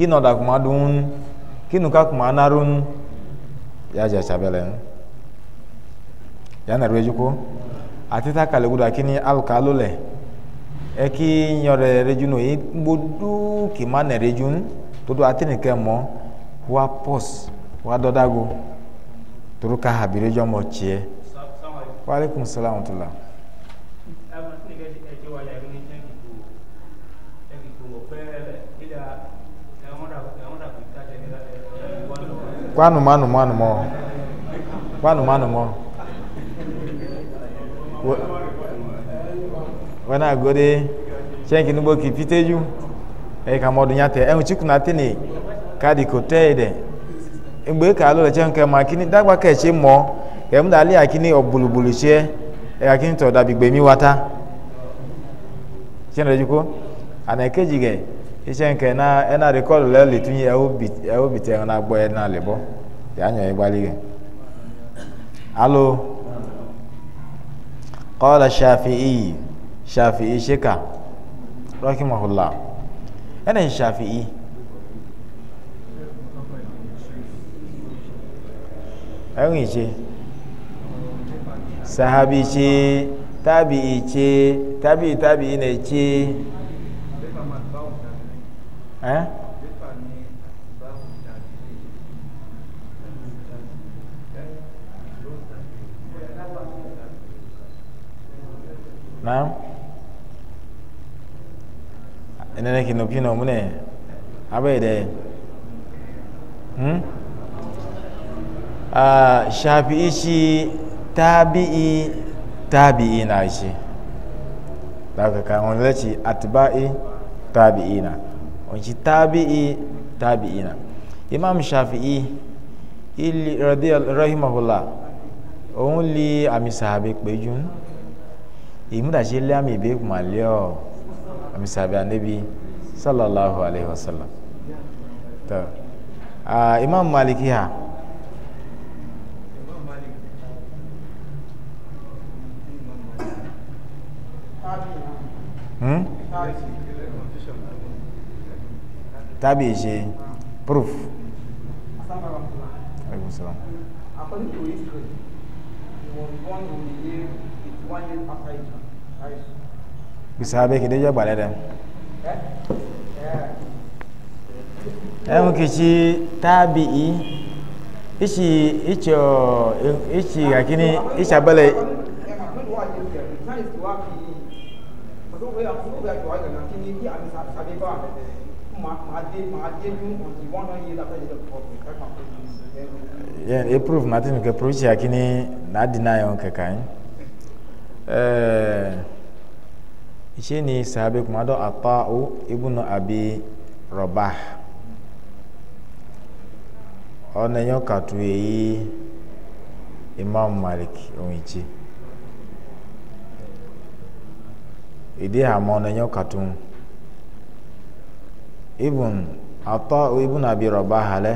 kino da kuma dun kino ka kuma narun ya ja chabele ya na reju ko ati ta kale guda kini alkalu le e ki nyore reju no yi gbodu ki ma na reju to do ati ni ke mo wa pos wa dodago turu ka habire jo mo chie wa alaikum salam wa rahmatullah kwa anụmanụ anụmanụ kwa anụmanụ wena agore chenki nugbo ki piteju e ka modu nyate e chiku na tini kadi koteide egbe ka alo le chenke ma kini dagba ke che mo ke mu dali akini obulubulu che e ka kini to da bigbe mi wata chen rejuko ana keji ge Iche nke na ena rekọd ule ụlọ itunye ya obite na e e agbọ ya na alịbọ ya anya onye gbalị gị kọla shafi iyi shafi iyi shika rọki mahula ena shafi iyi ẹnu ìṣe sahabi ìṣe tabi iche, tabi tabi ìṣe na ìṣe eh Naam. Ina nake nufi na mu ne? Abai da Hmm? Uh, shafi'i shi tabi'i tabi'i na shi. Daga kan wani taa atba'i tabi'i na. onci tabi'i tabi'ina imam shafi'i ili rahimahullah òun li àmì sàbẹ̀ péjú ìmúdàṣe lé àmì ìbí kùmàlẹ́ ọ̀ àmì sàbẹ̀ ànẹ́bí sallallahu alayhi wa sallam tó imam maliki ha. Hmm? tàbí ṣe proof. According to history, he was born in the year it's one year after Israel. Bisabe kide jo gbale dem. Ẹmu kichi tabi'i ichi icho ichi akini ichi abale yeah, proof natin nke proof ya kini na deny on kekan eh uh, ishe ni sahabe kuma do ata'u ibnu abi robah ona yo katu yi imam malik onchi ide ha mo na yo katun ibn atọ ibn abi rabaha lɛ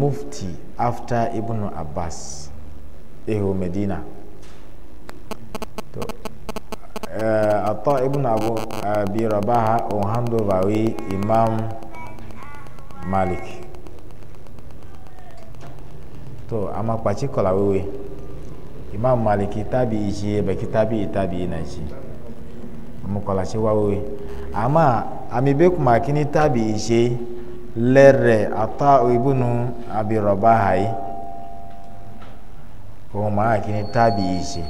mufti afta ibn abbas ihu medina to uh, eh, atọ ibn abu abi rabaha imam malik to ama kpatsi wewe imam malik tabi itsi ebe ki tabi itabi ina itsi. mukɔla tsi wawo ye ama ami be kuma kini tabi ise lɛrɛ ata ibunu abirɔba hayi kuma kini tabi ise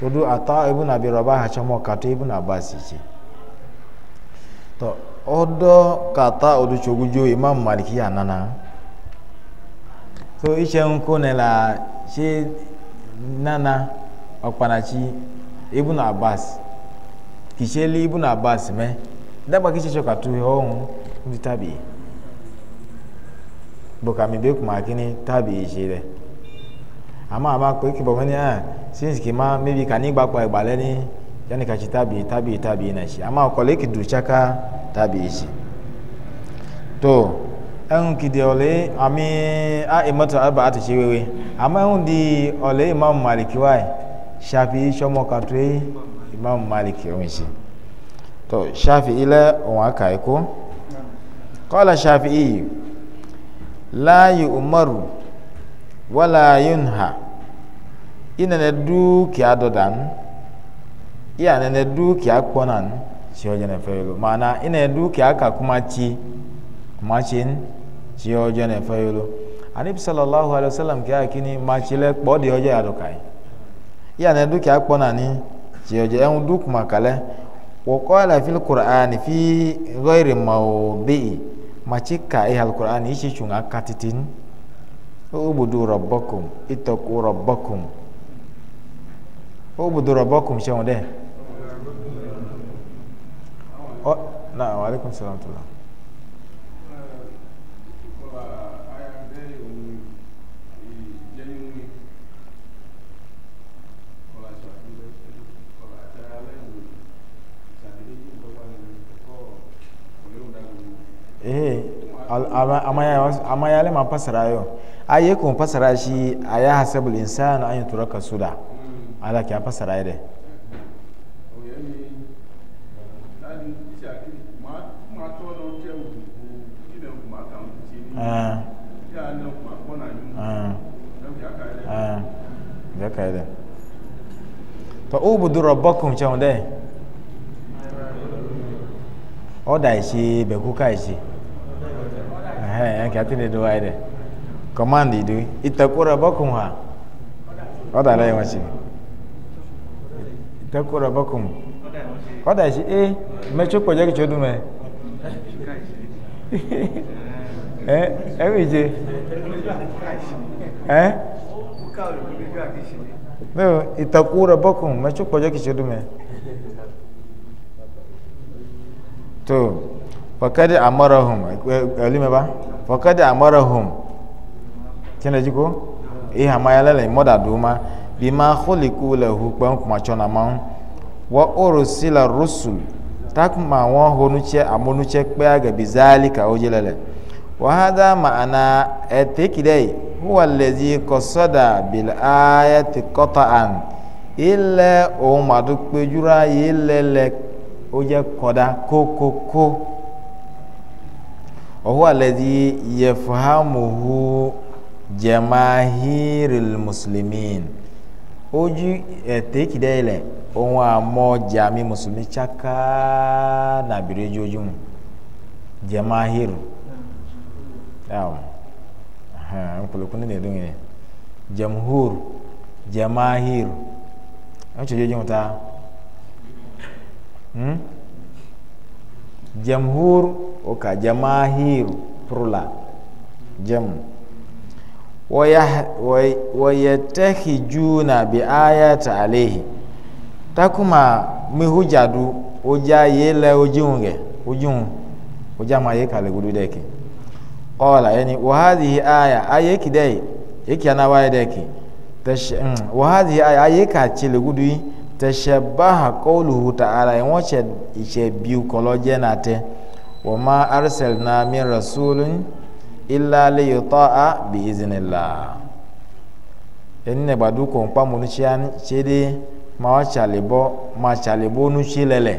todo ata ibunu abirɔba hatsɔ mɔ kato ibunu abasi tsi tɔ ɔdɔ kata odutsogudzo imam maliki anana so itse ŋko ne la tse nana ɔkpanatsi ibùnà abas kì í abas lé ibùnà abbas mẹ́ dàgbà kì í ṣe ṣọkàtú ọ̀hún níbi tàbí bùkàmì bẹ́ẹ̀ kùmà kínní tàbí ìṣe rẹ̀ àmọ́ àmọ́ pé kí bọ̀mọ́ ní hàn since kì í má maybe kà ní gbàpọ̀ ẹ̀gbà lẹ́ni yẹ́nì kà ṣe tàbí tàbí tàbí náà ṣe àmọ́ ọkọ̀ lẹ́kì dùn ṣáká tàbí ṣe tó ẹ̀hún kìdí ọ̀lẹ́ àmì àìmọ́tò àbá àtúnṣe wéwé àmọ́ ẹ̀hún di ọ̀lẹ́ ìmọ̀ màlìkíwáì shafi shomo katwe imam malik yonshi to shafi ile wa kai ko qala shafi'i la umaru wala yunha ina ne dukiya dodan iya ne ne dukiya kponan ci ojo ne feyolo mana ina ne dukiya ka kuma ci kuma ci ci ojo ne feyolo anibi sallallahu alaihi wasallam kiya kini ma ci le kpo di ojo ya dokai iya ne dukiya kpɔna ni jɛjɛ ɛŋu du kuma kalɛ wɔkɔla fil qur'ani fi ghairi mawdi'i machi ka ihal qur'ani ichi chunga katitin ubudu rabbakum ittaqu rabbakum ubudu rabbakum shawde oh na wa alaikum salam eh amayale ma fasara yau ayi kun fasara shi a ya hasabul insan an yi turaka suda ala ki fasara dai fa ubudu rabbakum chawdai o da shi be kuka shi ɛhɛn kí ati ne do ayi dɛ kɔmandi do itakura bɔkum ha ɔda lɛ yɛn wɔsi itakura bɔkum ɔda yɛsi ee mɛtso kpɔdze kìtso do mɛ ɛ ɛwɔ idze ɛ no itakura bɔkum mɛtso kpɔdze kìtso do mɛ tó fakadi amarahum alimeba fakadi amarahum kina jiko iha ma yalala moda duma bima khuliqu lahu kwan kuma chona ma wa ursila rusul tak ma won honuche amonuche pe aga bizalika ojelele wa hadha ma'ana etekidai huwa allazi qasada bil ayati qata'an illa o madu pejura yelele o je koda kokoko ko. ko, ko. وهو الذي يفهمه جماهير المسلمين ojú ẹ̀tẹ́kì dẹ́lẹ̀ ohun àmọ́jà mi mùsùlùmí ṣáká nàbìrì ojú mu jamahir nkùlùkùn nínú ìdún yẹn jamhur jamahir wọ́n ṣe ojú mu ta hmm? jamhur oka jamahiru prula jam wayattahijuna bi ayati alayhi takuma mihujadu oja yele ojunge ojun oja ma ye kale gudu deki ola yani wa hadhihi aya ayeki dai yeki anawaye deki mm, wa hadhihi aya ayeka chile gudu tashabaha qawluhu ta'ala yawache iche biu koloje nate wa ma arsalna min rasulun illa li yuta'a bi iznillah enne gbadu ko npa mu chede ma ọ chalebo ma chalebo nu chilele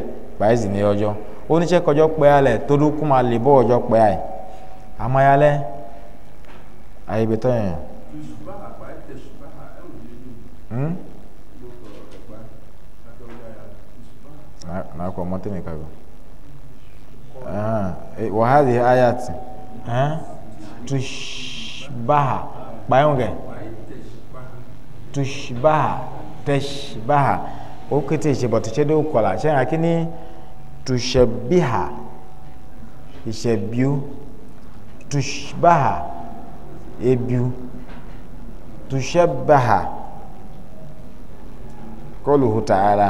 izini ojo oni che kojo pe ale ma lebo ọjọ وهذه آيات تشبه بايونغ تشبه تشبه okete ìṣèbọ̀tì ṣe dó kọlà ṣe ni tùṣẹ̀bíhà ìṣẹ̀bíú tùṣbáhà ebiu ara.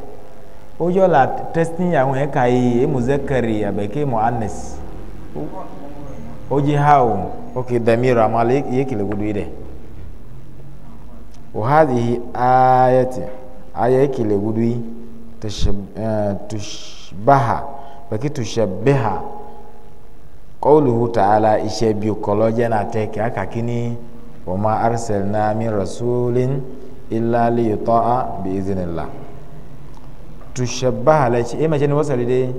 ojo la testing ya wen kai e muzakkari ya beke muannas oji hawo okay damira malik yake le gudu ide wa hadhihi ayati aya yake le gudu tushbaha baki tushabbiha qawluhu ta'ala ishe biyu koloje na teke aka kini wa ma arsalna rasulin illa li yuta'a bi idhnillah tushabbaha la ci ima eh, jeni wasali dai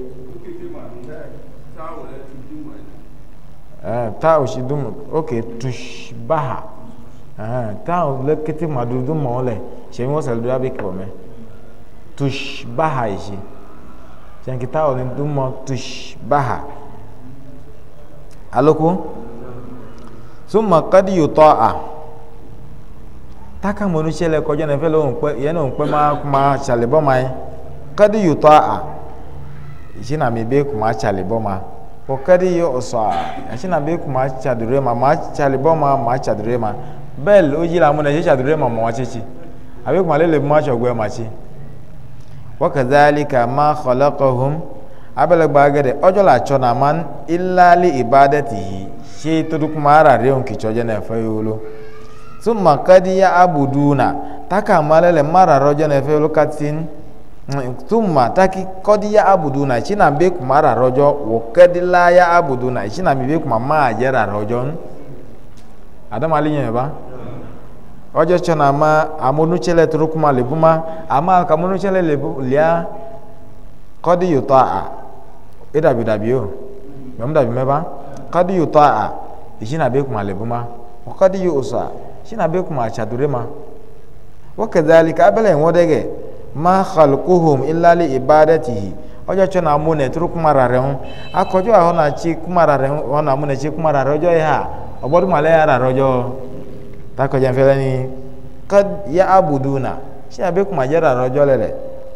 ah, ta'u shi dum ok tushbaha ah, ta'u la kiti ma du dum mole shi mi wasali dai bik bome tushbaha shi jan ki ta'u ni dum mo tushbaha aloku summa qad yuta'a taka monu chele ko jene fe lo npe yen npe ma ma chale bo mai kadi yutɔ a yasi na mi be kuma tsali bɔ ma o kadi yɔ sɔ a yasi na be kuma tsadure ma ma tsali bɔ ma ma tsadure ma bɛl o yi la mu na yasi tsadure ma mɔ tsitsi a be kuma lele ma tsɔgbɛ ma tsi wakazali ka ma xɔlɔ kɔhom abɛlɛgba gɛdɛ ɔdzɔ la tsɔ na man ilali ibadatihi se todukuma ara re ŋun kitsɔ dze na ɛfɛ yolo tuma kadi ya abuduna taka ma lɛ lɛ mara rɔ dze na ɛfɛ yolo katin. tumma taki kodi ya abudu na china be kuma rarọjọ wokedila ya abudu na china mi be kuma ma je rarọjọ adam ali yẹn ba ọjọ tsọ na ma amonutsẹlẹ toro kuma lebu ka ama kamonutsẹlẹ lebu lia kọdi yòtọ a edabi dabi o mẹmu dabi mẹ ba kọdi yòtọ a china be kuma lebu ma kọdi yòtọ a china be kuma atsadore ma wọ́n kẹ̀dẹ́ alika abẹ́lẹ̀ ìwọ́n dẹ́gẹ̀. ma khalquhum illa li ibadatihi ọjọ́ tí wọ́n na mú ne turu kumara rẹ̀ hàn akọjọ́ àwọn na tsi kumara rẹ̀ hàn wọ́n na mú ne tsi kumara rẹ̀ ọjọ́ yìí hà ọgbọ́dúnmọ̀ alẹ́ yàrá rọjọ́ takọjá ń fẹ́lẹ́ ni kad ya abuduna sina bí kuma jẹ́ rà rọjọ́ lẹ̀ lẹ̀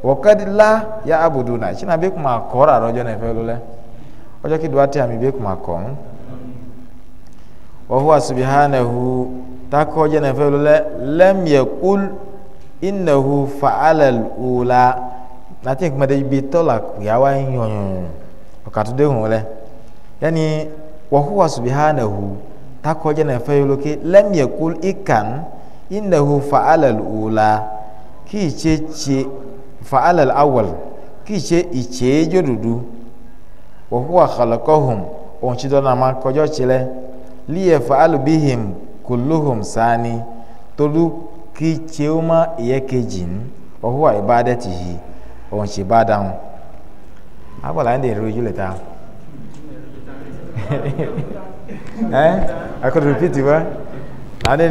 wọ́ kad la ya abuduna sina bí kuma kọ́ rà rọjọ́ nẹ̀ fẹ́ lọ́lẹ́ ọjọ́ kí duwate àmì kuma kọ́ ń wọ́n hu asubihánahu takọjá nẹ̀ fẹ́ lọ́lẹ́ lẹ́m yẹ innahu fa'alal ula lati kuma de bi tola ya wa yonyon okatu de hun le yani wa huwa subhanahu ta ko jana fa yoloke lam yakul ikan innahu fa'alal ula ki che che fa'alal awwal ki che iche jodudu wa huwa khalaqahum on chi dona ma kojo chile li yafa'alu bihim kulluhum sani tolu kicheuma iyekejin wahuwa ibadatihi onse ibadahun agbala ndi ero ojú lẹta ẹ akọni repeat wa ani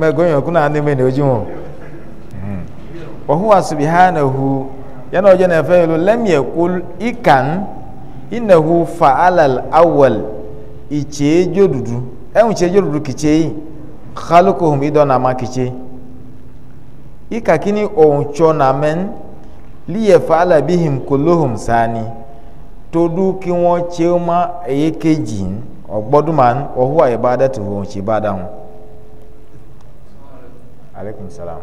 mẹgọyàn kúnà ani mẹni ojú wọn hmm. wahuwa subhanahu yana ojú náà fẹyìn ló lẹmìẹ kó ikan inahu fa'alal awal ìtsẹ́ dudu, ẹ̀hún ìtsẹ́ jódudu kìtsẹ́ yìí xalukohun idọ́nà má kìtsẹ́ yìí. ikakini ọ̀ntsọ ohun líyẹ̀fà na kòlóhùn sáni tódú bihim wọ́n tse ma èyí kejì ọ̀gbọ́dúnmán ọ̀húwà yìí bá dẹ́tù wọ́n tse bá dáhùn. aleykum salaam.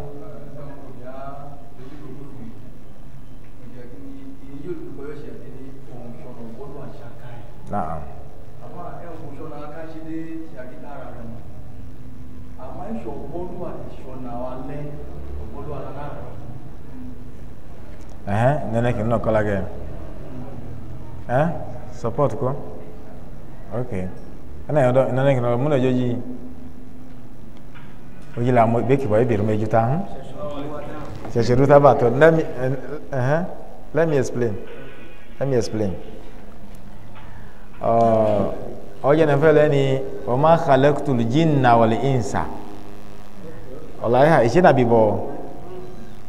naam. ɛhɛn nene kin nɔ kɔla gɛ ɛn support ko ok ɛna yɔ dɔ nene kin nɔ mun na jɔji o yi la mo be kibɔ e biri mo eju ta hun sɛsɛdu ta b'a tɔ let me ɛhɛn let me explain let me explain ɔɔ ɔjɛ nɛfɛ lɛ ni o ma xalɛ tulu jinna wali insa ɔlɔ yɛ ha esi na bi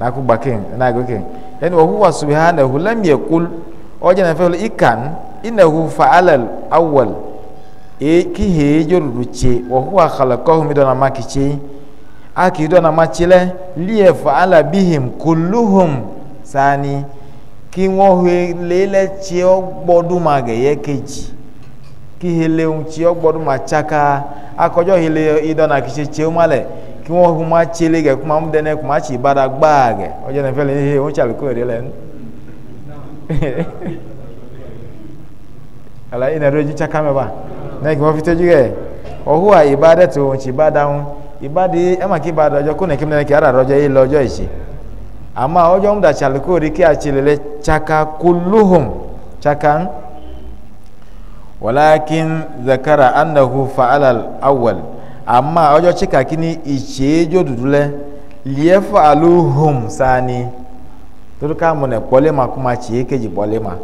Naku ku bakin na go kin yani wa huwa subhanahu lam yaqul oje na fa'al ikan innahu fa'ala al-awwal e ki he joruru che wa huwa khalaqahu midona makiche aki dona machile liye fa'ala bihim kulluhum sani kí wọ́n he lélẹ̀ tí ó gbọ́dún máa gẹ̀yẹ́ kejì kí he léhun tí ó tsaka akọjọ́ he lé idọ́nà tse ó má kí wọn kò máa tsi lé gẹ kó máa mú dẹ nẹ kó máa tsi bada gbáà gẹ ọjọ nẹfẹ lẹ hehe wọn tsàlùkù rẹ lẹ nu ala yìí nàdó dzi tsaka mẹ ba nẹ kí wọn fi tẹjú gẹ ọhú à ìbá dẹ tó wọn tsi bada ŋu ìbá di ẹ kí ba dọjọ kó nẹ kí nẹ kí ara dọjọ yìí lọ ọjọ ìsì àmà ọjọ ń da tsàlùkù rẹ kí a tsi lẹ tsaka kulóhùn tsaka ama ọjọ́ chika kini ìṣèjọ dúdú lẹ liẹ́fọ́ alóhùn sani torí ká mọ̀nà pọ́lẹ́ ma kó ma tì é kejì pọ́lẹ́ ma.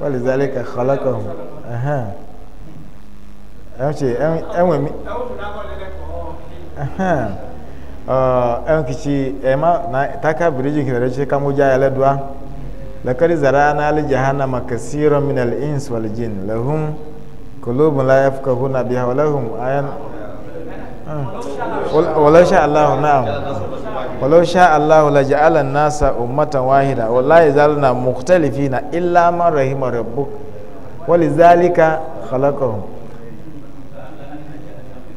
ولذلك خلقهم أها ɛnwɛtsi ɛnwɛ mi ɛnkitsi ɛma na taka biriji kele ɛdɛtsi kamudza yɛ lɛ doa lakari zara na ali jahannama kasiro min al ins wal jin lahum kulubun la yafqahuna biha wa lahum ayan ولو شاء الله نعم ولو شاء الله لجعل الناس أمة واحدة ولا يزالون مختلفين إلا من رحم ربك ولذلك خلقهم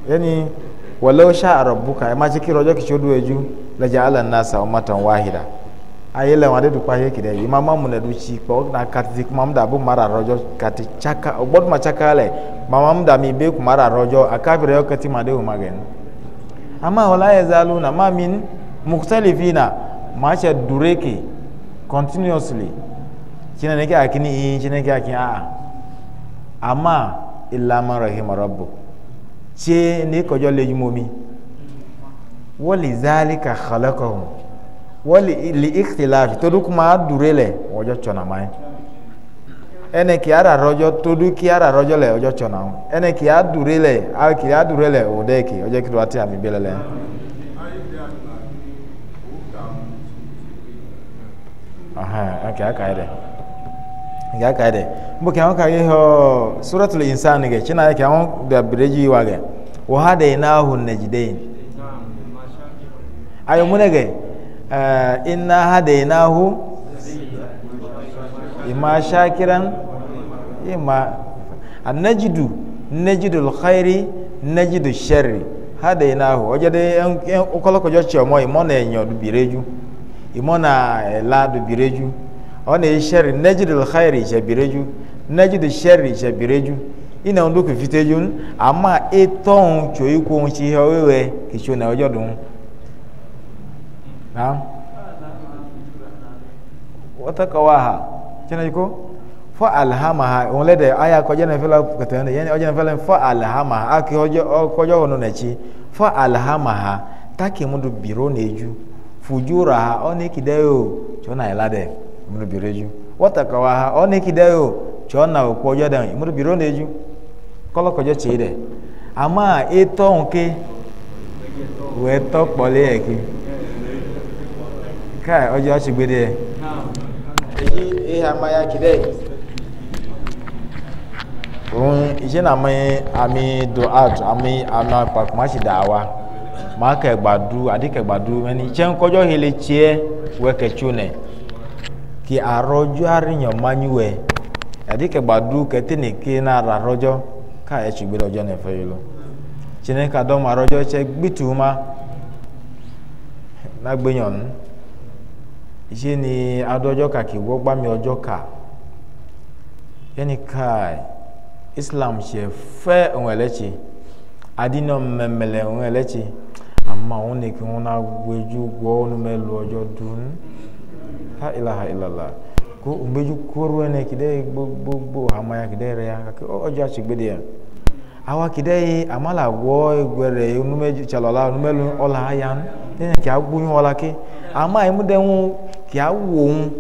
yani walau sha rabbuka ma ci kiro joki chodu eju la ja'ala nasa ummatan wahida ayela wade du kwaye kide imama mune du ci ko na katzi kuma mda bu mara rojo kati chaka bod ma chaka le mama mda mi be ku mara rojo akabire yo kati made u magen amma wala yazaluna ma min mukhtalifina ma cha dureki continuously kina ne ke akini in kina ke akini a amma illa man rahima rabbuk tse ne kɔjɔ le yumo mi wali zaali ka xɔlɛ kɔ o wali li ixtilaafi todu kuma dure lɛ wɔjɔ tsɔna ma ye ɛnɛ kia da rɔjɔ todu kia da rɔjɔ lɛ wɔjɔ tsɔna o ɛnɛ kia dure lɛ a kia dure lɛ o de ke ɔjɛ kiri waati ami bi lɛ lɛ. ɔhɛn ɛkɛ aka yi dɛ. nga ka de mbo ke ka ye ho suratul insan ge china ke on da breji wa ge wa hadainahu najdain ayo mune ge eh, inna hadainahu imma shakiran imma annajidu najidul khairi najidu sharri hadainahu ojade en okolokojo chomo imo na enyo du bireju imo na ela eh, du bireju ona shari najidu khairi jabireju najidu shari jabireju ina ndo ku fitejun ama eton choi ko nchi hewewe kicho na ojodun na kawaha kina yiko fa alhamaha onlede lede aya ko jene fela katende yani ojene fela fa alhamaha aki ojo ko wono nechi fa alhamaha taki mundu biro neju fujuraha oniki kidayo chona elade imurubiro eju wɔtakawa ha ɔniki dɛ o tsɔ na okpɔ ɔdzɔ dɛ ama etɔ ŋke wɔ etɔ kpɔli yɛ ke kai ɔdzɔ tsi gbede yɛ eyi eya ma ya ki dɛ òun iṣẹ́ náà mi àmì do out àmì àmì àpàkùmáṣí dà wa màá kẹgbàdú àdìkẹgbàdú mẹni iṣẹ́ ńkọjọ́ yìí lè ki arɔdzo ariyan manyuɛ yàtí kẹgbàdú ke ké nára arɔdzo ká ẹtù gbé lọjọ nẹfẹ yìí lọ tsinẹ ká dọmọ arɔdzo tsẹ gbìtú ma nagbẹnyọn ìṣe ni adọjọ ká kì wọ gbàmí ọjọ ká yẹni ká islam tsẹ fẹ òun ẹlẹtsi adínà mẹmẹlẹ òun ẹlẹtsi àmà òun nìkan òun náà gbẹdú gbọ òun mẹlú ọjọ dùn ha ilaha illallah ko umbeju koru ene kide bu hamaya kide re ya kake ojo achigbede ya awa kide yi amala gwo nume onumeju chalola onumelu ola ayan ke? ki agbuyun ola ki ama imu de hun ki awo hun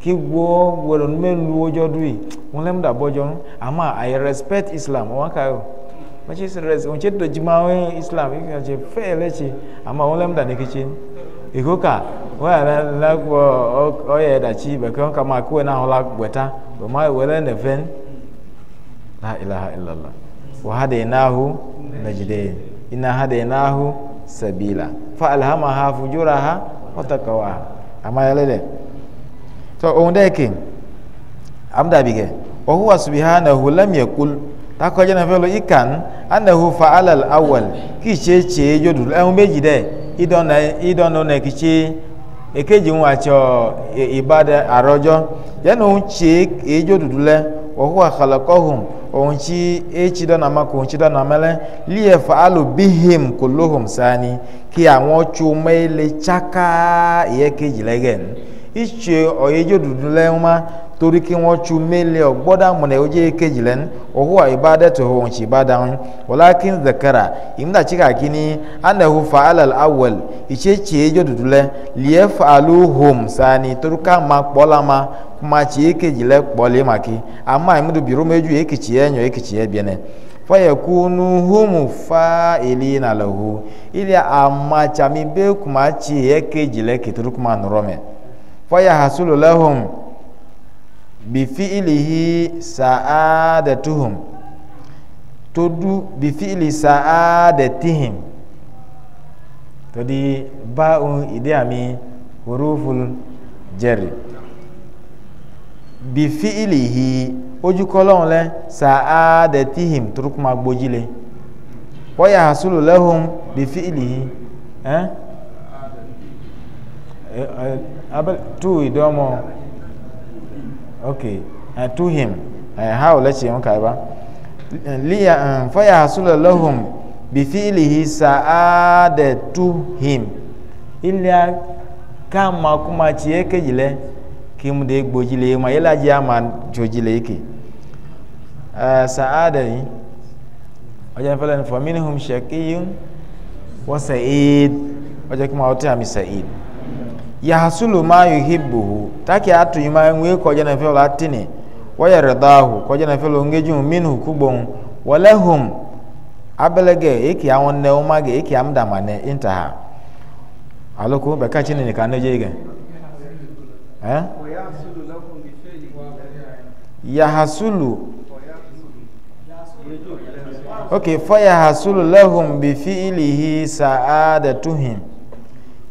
ki gwo gwere onumelu ojo dui won lem da bojo ama i respect islam won ka yo machi sirres won che dojima islam ifi ache fe lechi ama won lem da ne kichin igoka wɛrɛ lɛ kɔ ɔyɛ datsi bɛkɛ kama kó ɛna hɔn la gbɛta bɛma wɛlɛ nɛfɛn la ilaha illallah wa hadainahu najdain inna hadainahu sabila fa alhamaha fujuraha wa taqwaha ama yale de to on de kin amda bige wa huwa subhanahu lam yaqul ta ko jena felo ikan annahu fa'ala al-awwal ki che che jodul en meji de idɔnɔ nɛ kitsi ekeji ŋu atsɔ iba ɖe arɔdzɔ yɛnu ŋutsi edzo ɖuɖu lɛ wɔhu akalakɔhum ɔŋutsi etsi na nama ko ŋutsi ɖe nama lɛ liɛ fa alo bihim kolohom sani ki àwọn tso mɛ le tsaka itse ọ̀yẹ́jọ́ dúdú lẹ́yìn ma torí kí wọ́n tsu mélé ọ̀gbọ́dá múnẹ̀ ó jẹ́ kejì lẹ́nu ọ̀hún àyíbá dẹ́tọ̀ ọ̀hún tsi bá dáhùn wọ́lá kí n zẹ̀kẹ́ra ìmúdà tí kà kí ni anahu fa awel itse tse dúdú fa hom sani torí ká ma kpọ́ la ma kuma tsi kejì kpọ́ lé ma kí ama ìmúdù bìrù enyo èkìtsi bìẹ́nẹ humu ili be kuma kuma fọyà hasulu lẹ́hùn bìfi ìlìhí sàádẹ́tuhùn tódú bìfi ìlì sàádẹ́tihìn tòdí bá ohun ìdí àmì huruful jẹ́rì bìfi ìlìhí ojúkọlọ́hún lẹ́ sàádẹ́tihìn turukuma gbójúlé fọyà hasulu lẹ́hùn bìfi ìlìhí Eh? Eh, eh, abel to idomo okay uh, to him uh, how let you okay ba liya um, fa ya hasula lahum bi fi'lihi sa'adatu him illa kama kuma chieke jile kim de gbojile ma yela ji ama jojile yake uh, sa'ada yi wajen falan fa minhum shaqiyun wa sa'id wajen kuma wata mi sa'id yahasulu ma yuhibbuhu taki atu yuma ngwe ko jana fe la tini wa yardahu ko jana fe lo ngeju minhu kubon walahum abelege iki awon ne umage iki amda mane intaha aloko be ka chini ni kan je ge eh yahasulu okay fa yahasulu lahum bi fi'lihi sa'adatuhum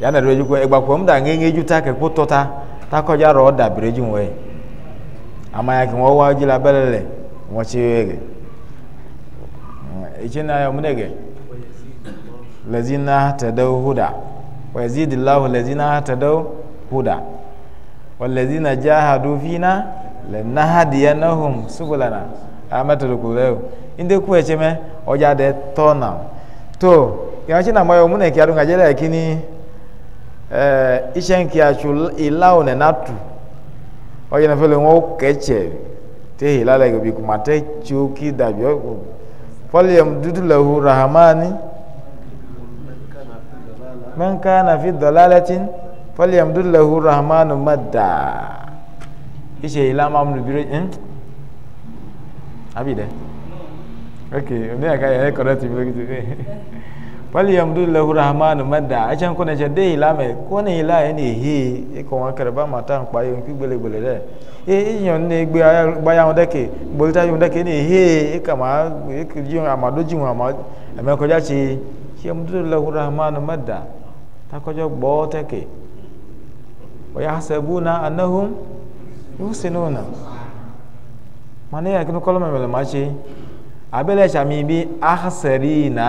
ya na reju ko egba ko mda ngenge ju ta ke kutota ta ko ja ro da breju we ama ya ki wo wa ji la belele mo chi wege ichi na ya munege lazina tadaw huda wa yazidillahu lazina tadaw huda والذين جاهدوا فينا لنهدينهم سبلنا amatuluku leo inde kuwe cheme oja de tona to ya china moyo mune kiarunga jela kini ee ishenki achu ilau ne natu oye na fele ngo keche te hilala go bi kuma te chuki da bi o falyam dudu lahu rahmani man kana fi dalalatin falyam dudu lahu rahmanu madda ishe ila mamnu biro en abide okay ne aka ya correct bi <laughs> fali yamdu lahu rahmanu madda acan kone ce de ilame kone ila eni hi iko wọn kẹrẹ bá mata n pa yonki gbelegbele dẹ e iyan ne gbe baya wọn dẹke gbolita yọn dẹke ni hi ikama ikiyun amadoji wọn ama ẹmẹkọjá ti yamdu lahu rahmanu madda takọjọ gbọ tẹke wọ́yà hasabuna anahum yusinuna mani yakinu kọlọmọ mẹlẹ ma ṣe abẹlẹ ṣàmì bi ahasari na.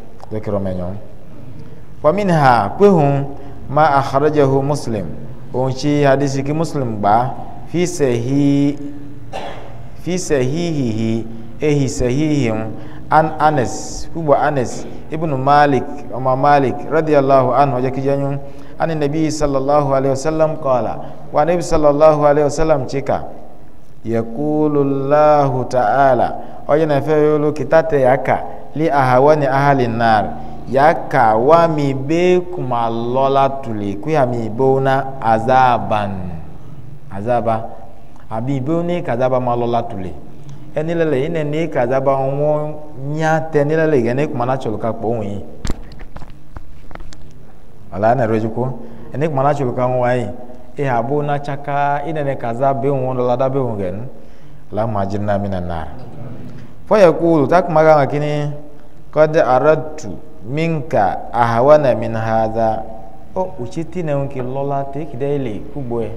zekiro menyo wamin ha kwehun ma akharajahu muslim ohun tí hadisi kí muslim gbà fi sahihihi ehi sahihin an anas gbogbo anas ibn malik ọmọ malik radiyallahu anhu ọjọ́ kí jẹyún ani nabi sallallahu alayhi wa sallam kọ́la wa nabi sallallahu alayhi wa sallam chika yakulu allahu ta'ala ọjọ́ na fẹ́ yóò lókè tàtẹ̀ yàkà. li ahawani ahali nar yaka mi be kuma lɔla tuli ya mi azaban azaba abi bo kazaba ma lɔla tuli ɛni lɛ lɛ ina ne kazaba ŋɔ nya kuma na tsɔlɔ ka kpɔ ŋu yi wala ana rɛ kuma na ka ŋu wa yi eha bo na tsaka ina ne ụwa be da be la ma mi na nar. fayakulu ta kuma gama kini kod aratu minka ahawana o oh, uche tine unki lola te kidai le kugbe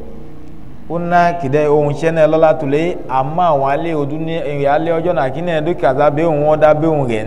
una kidai ohun iṣẹ náà lọla tule ama àwọn alẹ ọdún ní ẹyìn ọjọ na kí náà dúkìá sábẹ òun ọdá bẹ òun rẹ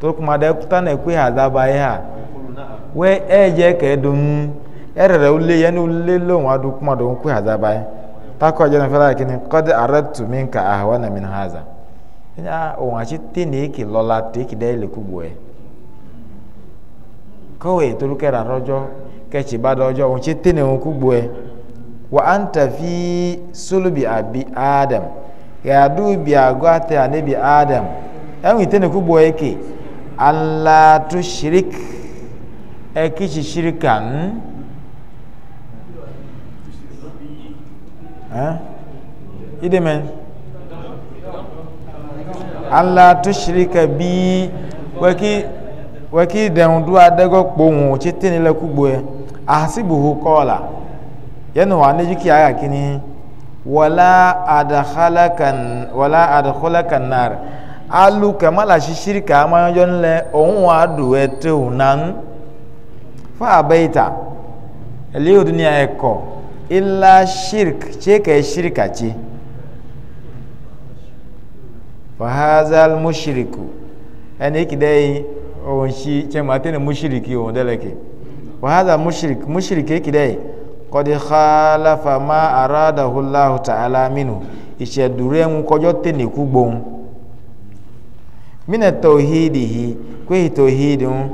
tokuma ɖe kuta na ekpe ha daba ye hã we edze ke ɖo ŋu erere wole ye ne wole le wɔn aɖo kuma ɖo ŋku ha daba ye takɔ dze ne fɛ la kini kɔde are tu mi ka ahawa na mi na ha za nya wɔn atsi te ne eke lɔla te eke ɖe le kubu ye kɔwe toro ke ra rɔdzɔ kɛtsi ba ɖe ɔdzɔ wɔn tsi te ne ŋu kubu ye wa anta fi sulubi abi adam yadu bi agɔ ate ane bi adam ɛnu ite ne kubu ye ke. Tu eh? alla tushrik ekichi shirika n eh? ideme alla tushrika bi weki weki dẹ̀hùn dúró adẹ́gọ́ kpohùn tí tí nílẹ̀ kúgbó yẹ àhásìbòhò kọ́ọ̀là yẹnu wà ní jíkì àyà kìíní wọlá àdàkọ́lákànnà rẹ̀ alu kama la shishiri kama yɔnjɔ lɛ òun wa do ɛtɛ o fa abeyita eli dunia ɛkɔ ila shirik tse kɛ shirika tse fahazal mushiriku ɛni eki dɛ yi òun si tse ma tɛ ne mushiriki òun dɛ lɛ ke fahazal mushirik mushiriki eki dɛ yi kɔdi xaalafa ma aradahu lahu ta'ala minu ìṣẹ̀dúró ẹ̀ ń kọjọ́ tẹ̀ ní kú mina tauhidihi kwehi tauhidi ŋu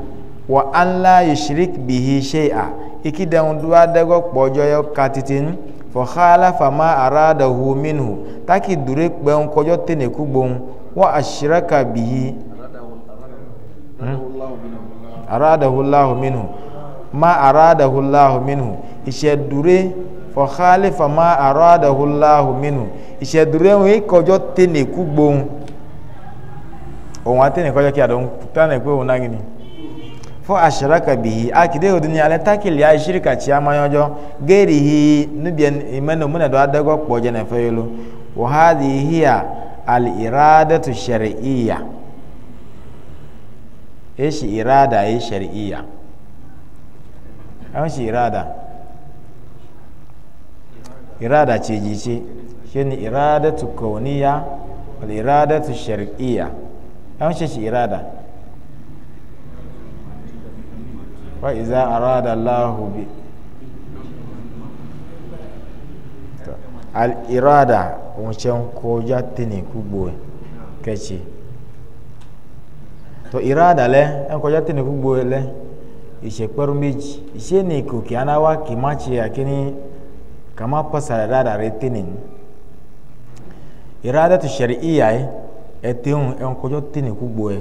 wa an la yushrik bihi shay'a iki dan duwa dago kpojo yo katitin fo khalafa ma aradahu minhu taki dure kpen kojo tene kugbon wa ashraka bihi hmm? aradahu allah minhu ma aradahu allah minhu ise dure fo khalafa ma aradahu allah minhu ise dure wi kojo tene kugbon òun atẹ́ni kọjá kí àdó tánà pé òun náà gini fún àṣàràkà bìí akídé òdu ni alẹ́ tákìlì àṣírìkà tí a máa yọjọ́ géèrè hi níbi ìmẹ́nu múnẹ̀dọ́ adẹ́gọ́ pọ̀ jẹ́ nẹ̀fẹ́ yìí ló wọ́n há di híà àlì ìrádà tó ṣẹ̀rì ìyà èṣì ìrádà yìí ṣẹ̀rì ìyà ẹ̀hún ṣì ìrádà ìrádà tí èjì ṣe ṣe ni ìrádà tó kọ̀ níyà àlì ìrádà tó ṣẹ̀rì ìyà an shi shi irada wa iza arada Allahu bi al irada wancan ko jatti ne ku gbowe kece to irada le en ko jatti ne ku gbowe le ise peru meji ise ne ko ki anawa ki machi akini kama pasara rada retinin irada tu shar'iyya eh eteŋu eŋkɔdzɔ tene kugbo yɛ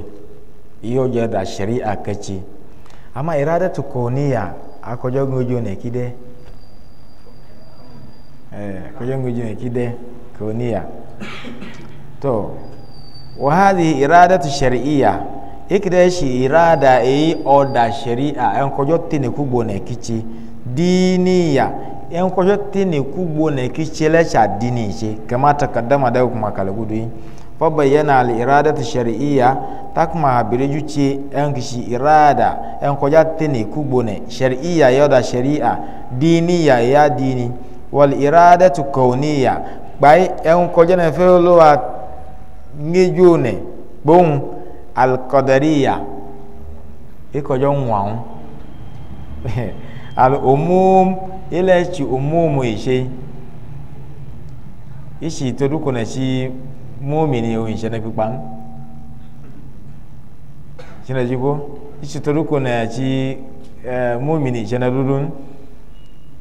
iye ɔdzɔ da seri akɛtsi ama ira ɖe tu ko ne ya akɔdzɔ ŋodzo ne ki ɖe ɛɛ akɔdzɔ ŋodzo ne ki ɖe ko ne ya tɔ wahadi ira ɖe tu seri iya ekele si ira da eyi ɔda seri a eŋkɔdzɔ tene kugbo ne kitsi diini ya eŋkɔdzɔ tene kugbo ne kitsi lɛ tsa diini tse kama takadama ɖe kuma kaleku do yi fa bayyana al iradata shar'iyya takma biriju ce en kishi irada en koja tene kugbone shar'iyya ya da shari'a diniya ya dini wal iradatu kauniyya bai en koja na fe ngejo ne bon al qadariyya e koja nwaun al umum ile ci umumu ishe ishi to dukuna shi mumini o inshana pipang inshana jiko ichi toruko na yaci mumini inshana dudun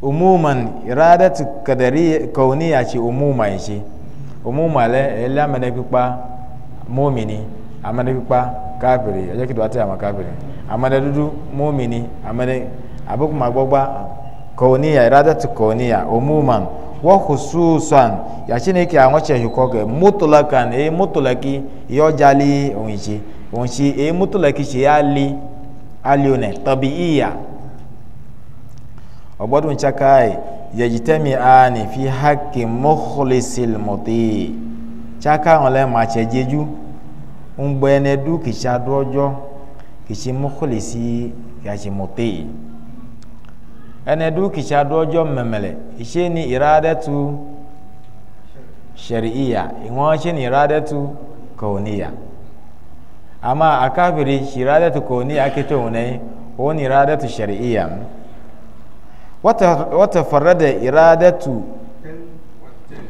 umuman iradatu kadari kauni yaci umuma yaci umuma le ele amana pipa mumini amana pipa kafiri aje kidu ata ama kafiri amana dudu mumini amana abukuma gbogba kauniya iradatu kauniya umuman wɔkususan yachineke anwacha hikoge mutulakan e mutulaki yɔjali onchi onchi e mutulaki shi ali alione tabiiya ɔgbɔdun cakai yejitemi ani fi haki mukhlisil muti caka ŋɔlɛ matsɛ dzedu ŋgbɛnɛ du kitsa du ɔdzɔ kitsi mukhlisi kitsi muti ene du kisha dojo memele ishe ni iradatu shari'iyya inwa shi ni iradatu kauniya amma a kafiri shi iradatu kauniya ake to ne wani tu shari'iyya wata wata farada iradatu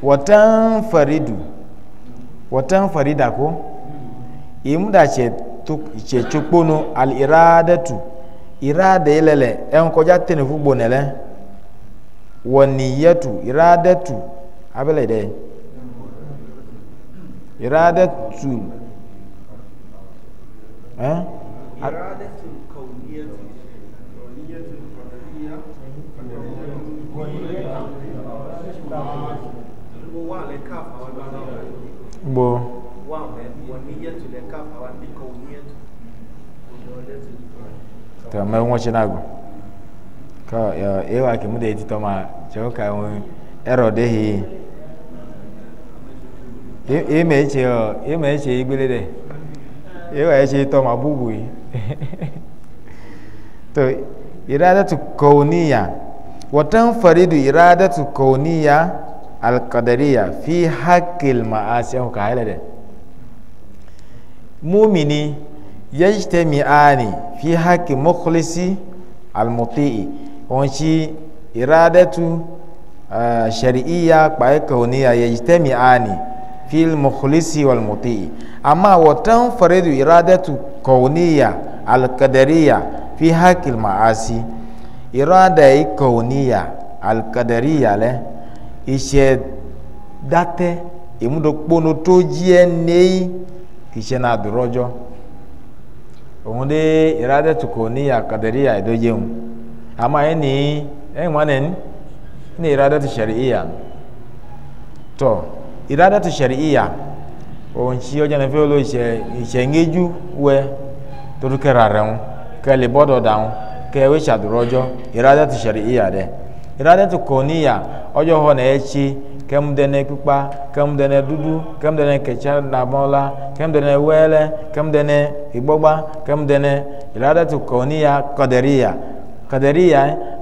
watan faridu watan faridako, ko imuda ce ce cukponu al iradatu irade ilele enkoja tenefu gbonele waniyetu iradetu abele de iradetu eh iradetu kauniyatu kauniyatu qadariya gbo wa le kafa wa gbo wa waniyatu le kafa wa to mai wace nago ka ewa eh, ke mu da yi to ma jawo ka won ero de hi eh, e eh, me che o e me che igbele de ewa e che to ma bubu yi <laughs> to iradatu kauniya wa tanfaridu iradatu kauniya alqadariya fi haqqil ma'asi ka de mumini yajtami'ani fi haqqi mukhlisi almuti'i won ci iradatu uh, shar'iyya kwaye kauniya yajtami'ani fil mukhlisi wal muti'i amma watan faridu iradatu kauniya alqadariya fi haqqi ma'asi irada yi kauniya alqadariya le ise date imudokpono to ji ẹni kìí na adùrọjọ. ohuu dee ire ade tuku one ya kadari eya edo dye mu ama enyi n'enwo an'enwi na ire ade tukyari iya to ire ade tukyari iya ohu si ọjọ na efe olu n'ihe n'ihe n'idu wee dọtụtụ ka ịra arịa nwụ ka ịlị bọọdụ ọda nwụ ka ewee shaduro ọjọ iya ọdụ. iradatu koniya ọjọ hɔ na ɛtsi kɛm dɛ na kpekpa kɛm dɛ na dudu kɛm dɛ na kɛtsɛ namɔla kɛm dɛ na wɛlɛ kɛm dɛ na igbɔgba kɛm dɛ na iradatu koniya kɔdɛriya kɔdɛriya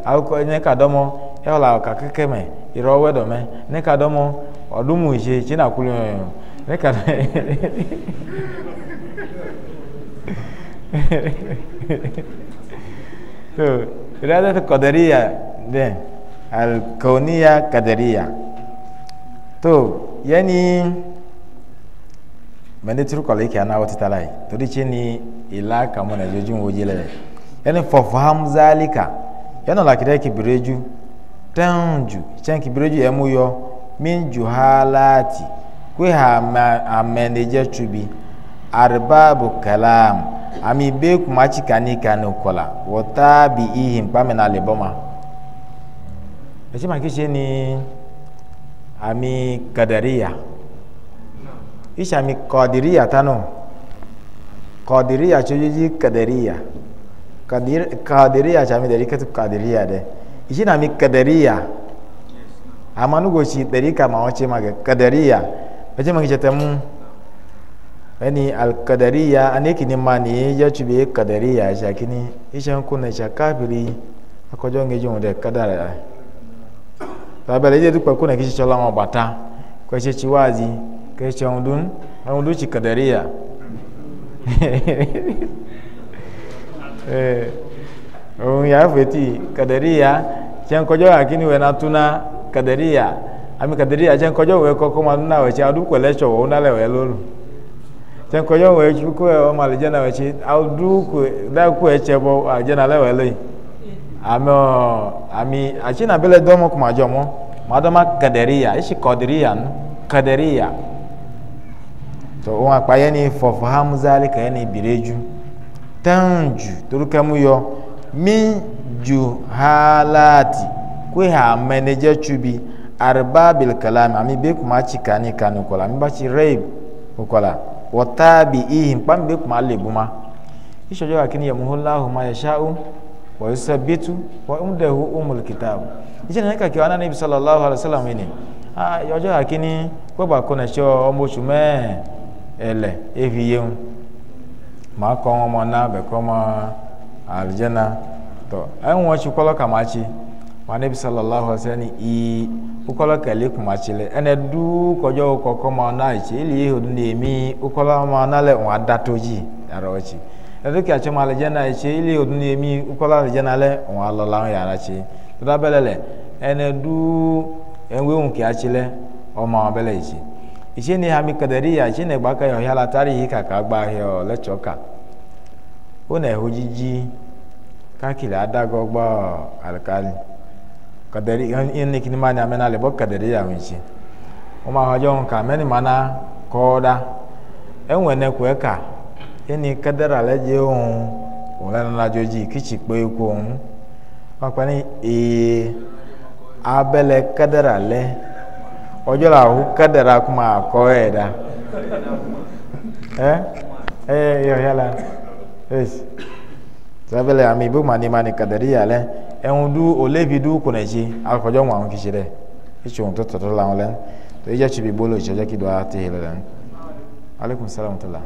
awokɔ ne ka dɔmɔ ɛwɔla ɔka kɛkɛ mɛ irɔwɛ dɔmɛ ne ka dɔmɔ ɔdumu ise na kulu ne ka <laughs> so iradatu kɔdɛriya dɛ alkauniya kadariya to yani mene turu kɔlɔ ike ana wata tala yi tori ce ni ila kamu na jojin woji lele yani fafaham zalika yana lakida ki bireju tanju can ki bireju ya mu yɔ min juhalati kwe ha ameneje chubi arbabu kalam ami be kuma cika ni kanu wata bi ihim kpamina leboma ẹ̀ṣẹ́ màkìṣe ni àmì kàdàríyà iṣẹ́ àmì kọ̀dìríyà tánù kọ̀dìríyà tsojoji kàdàríyà kọ̀dìríyà tàmí dẹ̀rí kẹ́tù kọ̀dìríyà dẹ̀ iṣẹ́ àmì kàdàríyà amanugosi dẹ̀rí kàmá ọ̀ṣẹ́ màkì kàdàríyà ẹ̀ṣẹ́ màkìṣe tẹ̀mú yani alkadariya ane kini mani ya chube kadariya shakini ishan kuna shakafiri akojonge jonde kadara e tabele je dukpa kuna kichi chola ngo bata kwa che chiwazi kwa che ondun ondu chikadaria <laughs> eh on ya feti kadaria chen kojo akini we natuna kadaria ami kadaria chen kojo we koko manuna we cha dukwa lecho we unale we lolu chen kojo we chukwe o malijana we chi au dukwe da ku echebo ajana le we lei ame ami atsina bele dɔmɔ kuma dzɔ mɔ mɔ adɔ ma ya. esi kɔderiya nu kederiya tɔ wɔn akpa yɛ ni fɔfɔ hamuza ali ka yɛ ni bireju tɛn ju toru kɛmu yɔ mi ju halaati koe ha mɛnɛdze tsubi arba bilkalami ami be kuma tsi kani kani kɔla ami ba tsi reib kɔla wɔtaabi ihim kpam be kuma lebuma isɔjɔ kakini yamuhu lahu ma yashau. wa yusabbitu wa umdahu umul kitab ije na ka kiwana nabi sallallahu alaihi wasallam ini ah yojo hakini ko ba na sho omo chume ele eviye ma ko omo na be ko ma aljana to kolo wa nabi sallallahu alaihi wasallam i ukolo le ko ko ma na ichi ili yehudu na emi ma na le ɛdeke atsi mo alidzana etsi ili odu ni emi ukɔla alidzana lɛ ɔn alɔ la ya la tsi tata bɛ lɛ ɛnɛ du ɛnwe ŋu kia tsi lɛ ɔma bɛ lɛ etsi etsi ni hami ya etsi nɛ gba ka yɔ ya la tari yi kaka gba yɔ lɛ tsɔ ka wonɛ ho dzidzi kakele gbɔ alikali kini ma ni amɛna ya wɔn ka mɛ ma na kɔɔ da eni kadara le dze ohun wòle nana dzo dzi kitsi kpe ko ohun wakpani ee abe le kadara le la ahu kadara kuma akɔ yɛ e da ɛ eh? eh, ya la esi ami ibu mani mani ya lɛ ɛŋu du olevi du ko n'edzi akɔdzɔ ŋu ahun kitsi dɛ kitsi ohun tó tɔtɔ la ŋu lɛ tó edze tsi bi bolo tsi ɔdzɔ kido ati lɛ lɛ alekum salam la.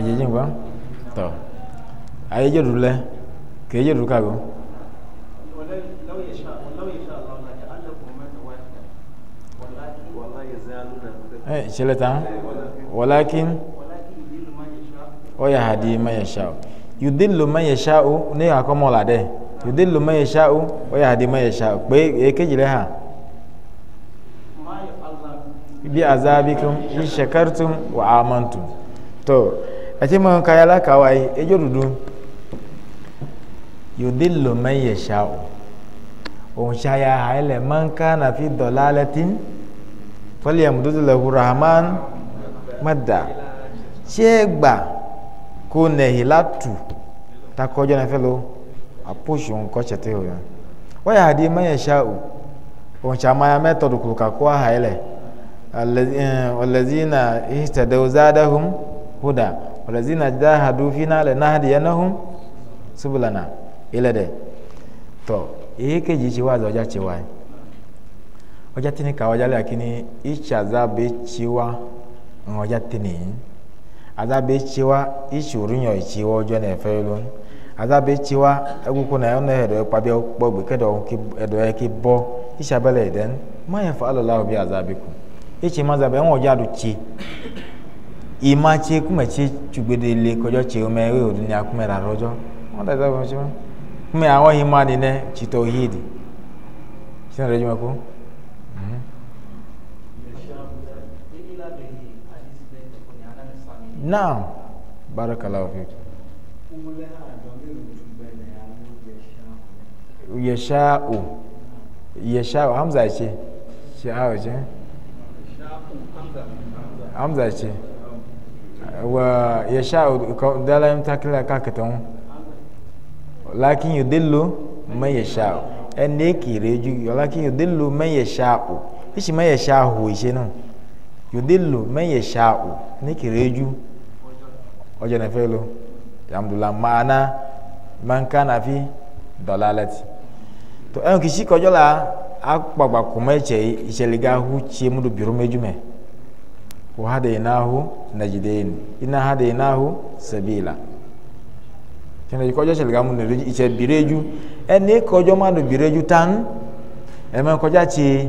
ejeje ngwa tɔ ayedze ɖu lɛ ke edze ɖu kago. ɛ tsele tan walakin ɔya hadi ma yɛ sa o yudilu ma yɛ sa o ne yà kɔmɔ la dɛ yudilu ma yɛ sa o ɔya hadi ma yɛ sa o kpe ekeji lɛ hã. bi azabikum in shakartum wa amantum to ẹtí mọ kaya lákàwá yìí ẹjọ dúdú yòdì lòmẹ yẹ ṣá o òun ṣayà àìlẹ mọǹká nàfi dọlà lẹtí fọlẹ ẹmúdúdú lẹhu rahman mẹda ṣé gbà kó nẹhìn látù takọjọ náà fẹlẹ àpòṣù nǹkan ṣètè o yẹn wọ́n yà àdí mẹ́yẹ ṣá o òun ṣàmáyà mẹ́tọ̀dù kùlùkàkọ́ àìlẹ ọ̀lẹ́dínà ìṣẹ̀dẹ̀ ọ̀zádẹ́hùn húdà. walazina jahadu fina lanahdiyanahum subulana ile de to ihe keji chiwa za ọjà chiwa ọjà tini ka ọjà lakini ichi azabe chiwa ọjà tini azabe chiwa ichi urunyo ichiwa ọjọ na-efe ilu azabe chiwa egwukwu na ọnụ edo ekpabịa ọkpụkpọ gbekedo edo eki bọ ichi abala eden ma ya fa alala obi azabiku ichi mazabe enwe ọjà du chi ima tse kume tse tsugbede le kɔjɔ tse wome eye o dunya kume la rɔjɔ wọn tɛ sɛbɛn tse ma kume awɔ yi ma ni nɛ tsitɔ yi di tsitɔ ɖe dzima ko. naam barakala ofi. yɛsa o yɛsa o hamza tse tse awo tse hamza tse wa yasha dala yin takila ka kitan lakin yu dillu man yasha en ne kire ju lakin yu dillu man yasha ishi man yasha hu ishe nan yu dillu man yasha ne kire ju ojo na felo alhamdulillah maana man kana fi dalalati to en kishi kojola akpagba kuma iche iche liga hu chie mudu biru mejume wa hadainahu najdain ina hadainahu sabila tena ikojo cheliga mu nereju iche bireju ene kojo manu bireju tan eme koja chi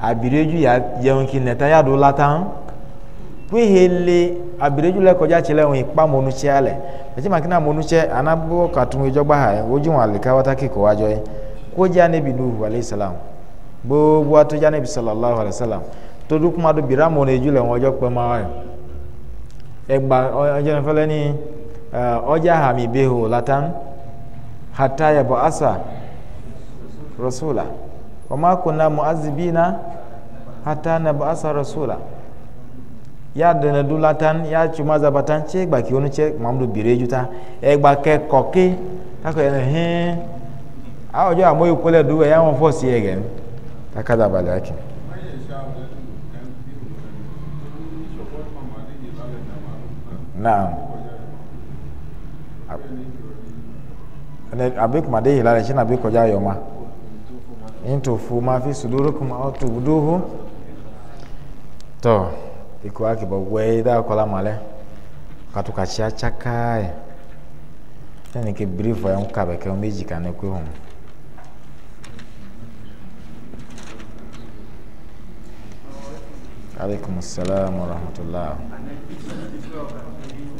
abireju ya yeun ki neta ya do latan pe hele abireju le koja chele le un ipa monu chi ale eji makina monu chi anabo katun ijogba ha oju wan le kawata ki ko wajo ko ja ne bi nuhu alayhi salam gbogbo atoja ne bi sallallahu alaihi salam. todo kuma do bira mo neju le wọn ọjọ pẹ ma wa ẹgba ọjọ nfẹlẹ ni ọjà hami beho latan hata yabọ asa rasula ọmọ akuna mu azibina hata nabọ asa rasula ya dana du latan ya cuma zabatan ce gba ki onu ce mamdu bire juta ẹgba kẹ kọki kakọ yẹn hẹn awọjọ amoyi kọlẹ du ẹ yà ya fọ si ẹgẹ takada balẹ akin. naam abe kuma de yela le na be kɔdza yɔ ma ntofu ma fi sudoro kuma ɔtu doho tɔ iku ake bɔ wɛyi da kɔla ma lɛ katu katsi atsaka yi ɛni ke biri vɔ yɛ ŋu kabɛ kɛ ŋu be dzika ne koe wɔn. عليكم السلام ورحمة الله